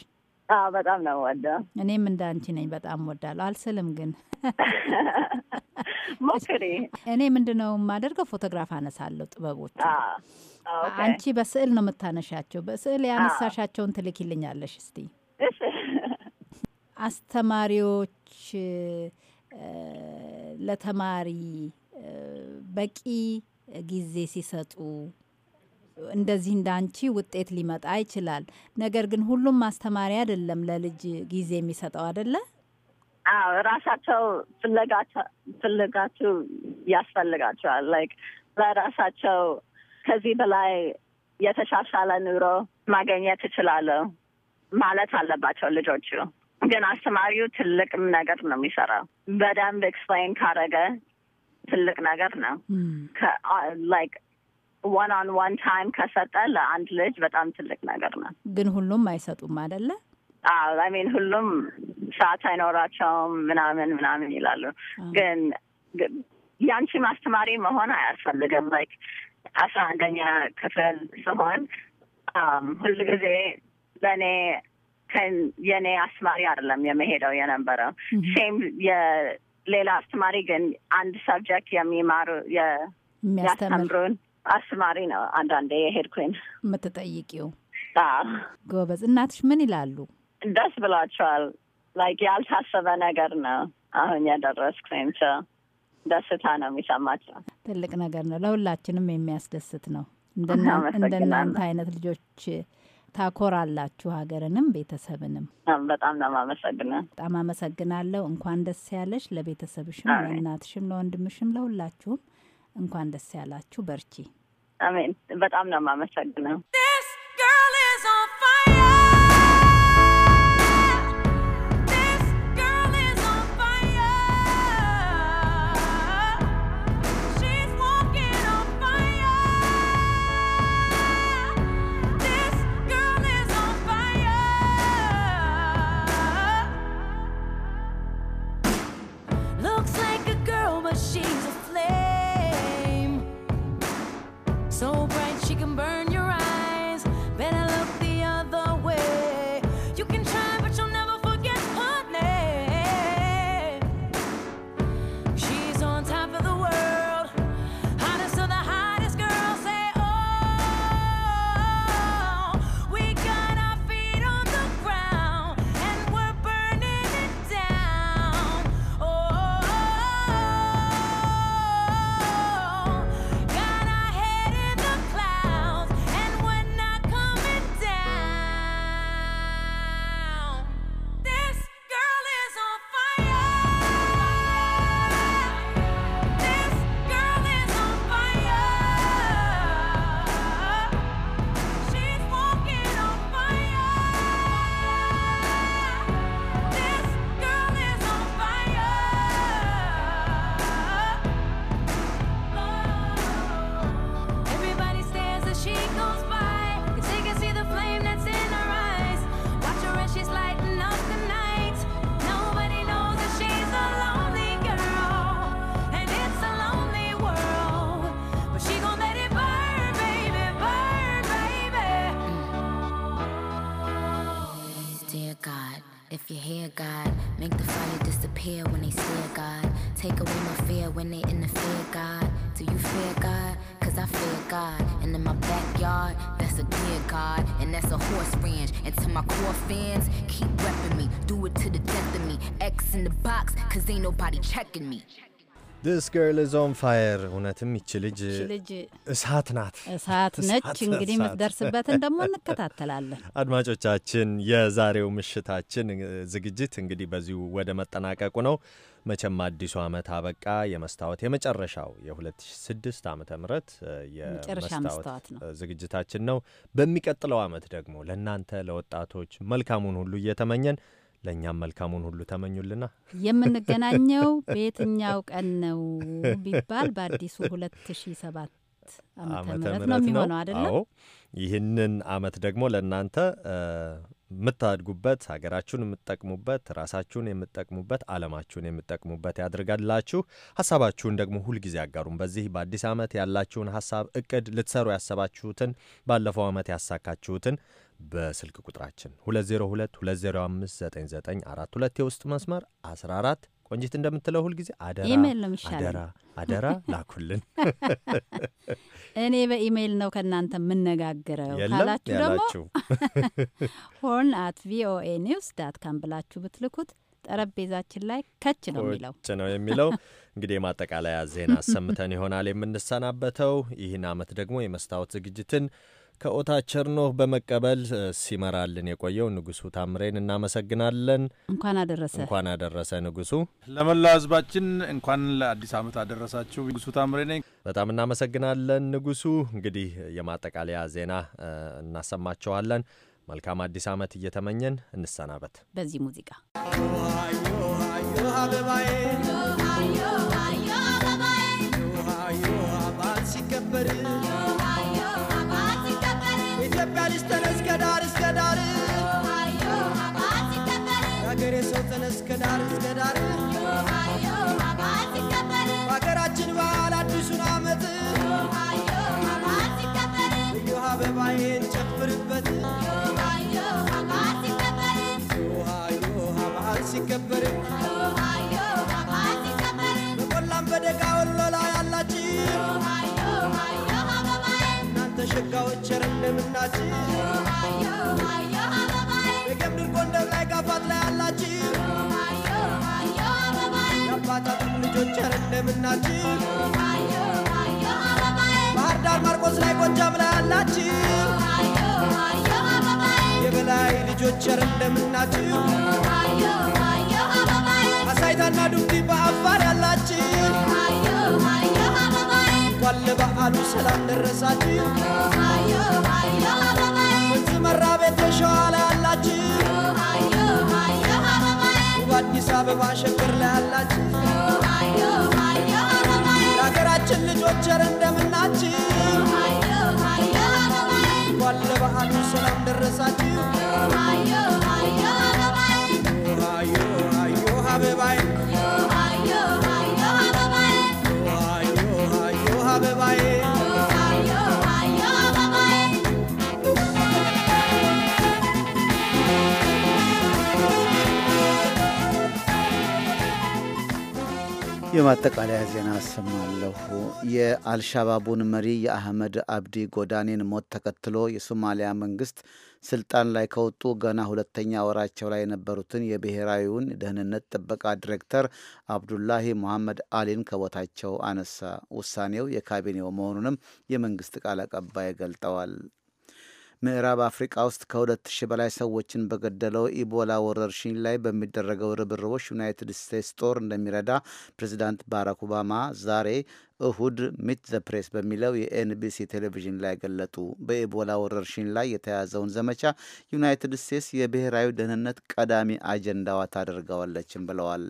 አዎ በጣም ነው ወደው። እኔም እንደ አንቺ ነኝ፣ በጣም ወዳለሁ። አልስልም ግን ሞክሪ። እኔ ምንድነው የማደርገው? ፎቶግራፍ አነሳለሁ ጥበቦች። አንቺ በስዕል ነው የምታነሻቸው። በስዕል ያነሳሻቸውን ትልኪልኛለሽ እስቲ። አስተማሪዎች ለተማሪ በቂ ጊዜ ሲሰጡ እንደዚህ እንደ አንቺ ውጤት ሊመጣ ይችላል። ነገር ግን ሁሉም ማስተማሪ አይደለም ለልጅ ጊዜ የሚሰጠው አይደለ? አዎ ራሳቸው ፍለጋቸው ያስፈልጋቸዋል። ላይክ ለራሳቸው ከዚህ በላይ የተሻሻለ ኑሮ ማገኘት እችላለሁ ማለት አለባቸው ልጆቹ። ግን አስተማሪው ትልቅም ነገር ነው የሚሰራው። በደንብ ኤክስፕላይን ካረገ ትልቅ ነገር ነው ላይክ ዋን ኦን ዋን ታይም ከሰጠ ለአንድ ልጅ በጣም ትልቅ ነገር ነው። ግን ሁሉም አይሰጡም አይደለ? አይ ሁሉም ሰዓት አይኖራቸውም ምናምን ምናምን ይላሉ። ግን ያንቺ ማስተማሪ መሆን አያስፈልግም። ላይክ አስራ አንደኛ ክፍል ሲሆን um, ሁሉ ጊዜ ለእኔ የእኔ አስተማሪ አይደለም የመሄደው የነበረው ሴም የሌላ አስተማሪ ግን አንድ ሰብጀክት የሚማሩ የሚያስተምሩን አስተማሪ ነው። አንዳንዴ የሄድኩኝ የምትጠይቂው ጎበዝ። እናትሽ ምን ይላሉ? ደስ ብሏቸዋል። ላይክ ያልታሰበ ነገር ነው አሁን ያደረስኩኝ ሰው ደስታ ነው የሚሰማቸው። ትልቅ ነገር ነው። ለሁላችንም የሚያስደስት ነው። እንደናንተ አይነት ልጆች ታኮራላችሁ፣ ሀገርንም ቤተሰብንም። በጣም ነው የማመሰግነው። በጣም አመሰግናለሁ። እንኳን ደስ ያለሽ ለቤተሰብሽም፣ ለእናትሽም፣ ለወንድምሽም፣ ለሁላችሁም እንኳን ደስ ያላችሁ። በርቺ። አሜን። በጣም ነው የማመሰግነው። ዲስ ገርል ኢዝ ኦን ፋየር። እውነትም ይች ልጅ እሳት ናት፣ እሳት ነች። እንግዲህ የምትደርስበትን ደግሞ እንከታተላለን። አድማጮቻችን፣ የዛሬው ምሽታችን ዝግጅት እንግዲህ በዚሁ ወደ መጠናቀቁ ነው። መቼም አዲሱ ዓመት አበቃ። የመስታወት የመጨረሻው የ2006 ዓመተ ምህረት የመስታወት ዝግጅታችን ነው። በሚቀጥለው ዓመት ደግሞ ለእናንተ ለወጣቶች መልካሙን ሁሉ እየተመኘን ለእኛም መልካሙን ሁሉ ተመኙልና የምንገናኘው በየትኛው ቀን ነው ቢባል በአዲሱ ሁለት ሺ ሰባት ዓመተ ምህረት ነው የሚሆነው አይደለም። ይህንን አመት ደግሞ ለእናንተ የምታድጉበት ሀገራችሁን የምትጠቅሙበት ራሳችሁን የምትጠቅሙበት ዓለማችሁን የምትጠቅሙበት ያድርጋላችሁ። ሀሳባችሁን ደግሞ ሁልጊዜ አጋሩም። በዚህ በአዲስ ዓመት ያላችሁን ሀሳብ፣ እቅድ ልትሰሩ ያሰባችሁትን፣ ባለፈው ዓመት ያሳካችሁትን በስልክ ቁጥራችን 2022059942 የውስጥ መስመር 14 ቆንጂት እንደምትለው ሁልጊዜ አደራ አደራ አደራ ላኩልን። እኔ በኢሜይል ነው ከእናንተ የምነጋግረው ካላችሁ ደግሞ ሆርን አት ቪኦኤ ኒውስ ዳት ካም ብላችሁ ብትልኩት ጠረጴዛችን ላይ ከች ነው የሚለው ነው የሚለው። እንግዲህ የማጠቃለያ ዜና አሰምተን ይሆናል የምንሰናበተው። ይህን አመት ደግሞ የመስታወት ዝግጅትን ከኦታ ቸርኖህ በመቀበል ሲመራልን የቆየው ንጉሱ ታምሬን እናመሰግናለን። እንኳን አደረሰ እንኳን አደረሰ ንጉሱ። ለመላው ህዝባችን እንኳን ለአዲስ ዓመት አደረሳችሁ። ንጉሱ ታምሬ ነኝ። በጣም እናመሰግናለን ንጉሱ። እንግዲህ የማጠቃለያ ዜና እናሰማቸዋለን። መልካም አዲስ ዓመት እየተመኘን እንሰናበት በዚህ ሙዚቃ ሲከበር ዳር እስከ ዳር በሀገራችን ባህል አዲሱን አመት እዮሃ አበባዬን ጨፍርበት ዮሃ ዮሃ በዓል ሲከበር በቆላም በደጋ ወሎ ላይ ያላችሁ እናንተ ሸጋዎች ቸር እንደምናችሁ በጌምድር ጎንደር ላይ ጋፋት ላይ ያላችሁ አባታችን ልጆች ኧረ እንደምናችሁ ባህር ዳር ማርቆስ ላይ ጎጃም ላይ አላችሁ የበላይ ልጆች ኧረ እንደምናችሁ አሳይታና ዱብቲ በአፋር ያላች እንኳን ለበዓሉ ሰላም ደረሳችሁ እዚህ ቤት ሸዋ ላይ አላች አዲስ አበባ ሸገር ላይ አላችሁ ልጆች ኧረ እንደምናችሁ እንኳን ለበዓሉ ሰላም ደረሳችሁ። የማጠቃለያ ዜና አሰማለሁ። የአልሻባቡን መሪ የአህመድ አብዲ ጎዳኔን ሞት ተከትሎ የሶማሊያ መንግስት ስልጣን ላይ ከወጡ ገና ሁለተኛ ወራቸው ላይ የነበሩትን የብሔራዊውን ደህንነት ጥበቃ ዲሬክተር አብዱላሂ መሐመድ አሊን ከቦታቸው አነሳ። ውሳኔው የካቢኔው መሆኑንም የመንግስት ቃል አቀባይ ገልጠዋል። ምዕራብ አፍሪቃ ውስጥ ከሁለት ሺህ በላይ ሰዎችን በገደለው ኢቦላ ወረርሽኝ ላይ በሚደረገው ርብርቦች ዩናይትድ ስቴትስ ጦር እንደሚረዳ ፕሬዚዳንት ባራክ ኦባማ ዛሬ እሁድ ሚት ዘ ፕሬስ በሚለው የኤንቢሲ ቴሌቪዥን ላይ ገለጡ። በኢቦላ ወረርሽኝ ላይ የተያዘውን ዘመቻ ዩናይትድ ስቴትስ የብሔራዊ ደህንነት ቀዳሚ አጀንዳዋ ታደርገዋለችም ብለዋል።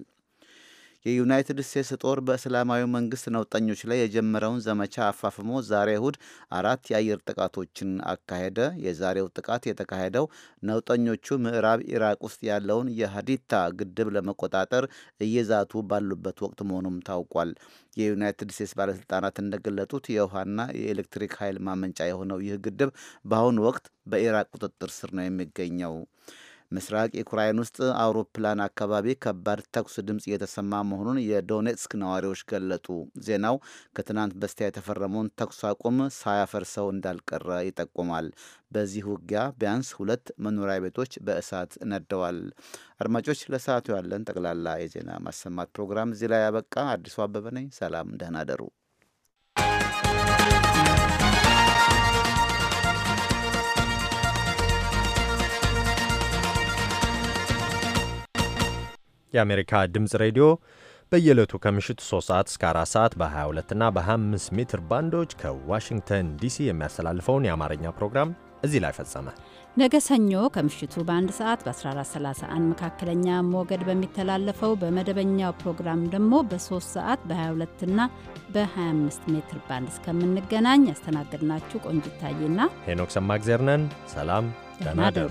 የዩናይትድ ስቴትስ ጦር በእስላማዊ መንግስት ነውጠኞች ላይ የጀመረውን ዘመቻ አፋፍሞ ዛሬ እሁድ አራት የአየር ጥቃቶችን አካሄደ። የዛሬው ጥቃት የተካሄደው ነውጠኞቹ ምዕራብ ኢራቅ ውስጥ ያለውን የሀዲታ ግድብ ለመቆጣጠር እየዛቱ ባሉበት ወቅት መሆኑም ታውቋል። የዩናይትድ ስቴትስ ባለስልጣናት እንደገለጡት የውሃና የኤሌክትሪክ ኃይል ማመንጫ የሆነው ይህ ግድብ በአሁኑ ወቅት በኢራቅ ቁጥጥር ስር ነው የሚገኘው። ምስራቅ ዩክራይን ውስጥ አውሮፕላን አካባቢ ከባድ ተኩስ ድምፅ እየተሰማ መሆኑን የዶኔትስክ ነዋሪዎች ገለጡ። ዜናው ከትናንት በስቲያ የተፈረመውን ተኩስ አቁም ሳያፈርሰው እንዳልቀረ ይጠቁማል። በዚህ ውጊያ ቢያንስ ሁለት መኖሪያ ቤቶች በእሳት ነደዋል። አድማጮች፣ ለሰዓቱ ያለን ጠቅላላ የዜና ማሰማት ፕሮግራም እዚህ ላይ ያበቃ። አዲሱ አበበ ነኝ። ሰላም፣ ደህና ደሩ። የአሜሪካ ድምፅ ሬዲዮ በየዕለቱ ከምሽቱ 3 ሰዓት እስከ 4 ሰዓት በ22 እና በ25 ሜትር ባንዶች ከዋሽንግተን ዲሲ የሚያስተላልፈውን የአማርኛ ፕሮግራም እዚህ ላይ ፈጸመ። ነገ ሰኞ ከምሽቱ በአንድ ሰዓት በ1431 መካከለኛ ሞገድ በሚተላለፈው በመደበኛው ፕሮግራም ደግሞ በ3 ሰዓት በ22 እና በ25 ሜትር ባንድ እስከምንገናኝ ያስተናገድናችሁ ቆንጅታዬና ሄኖክ ሰማግዜር ነን። ሰላም፣ ደህና ደሩ።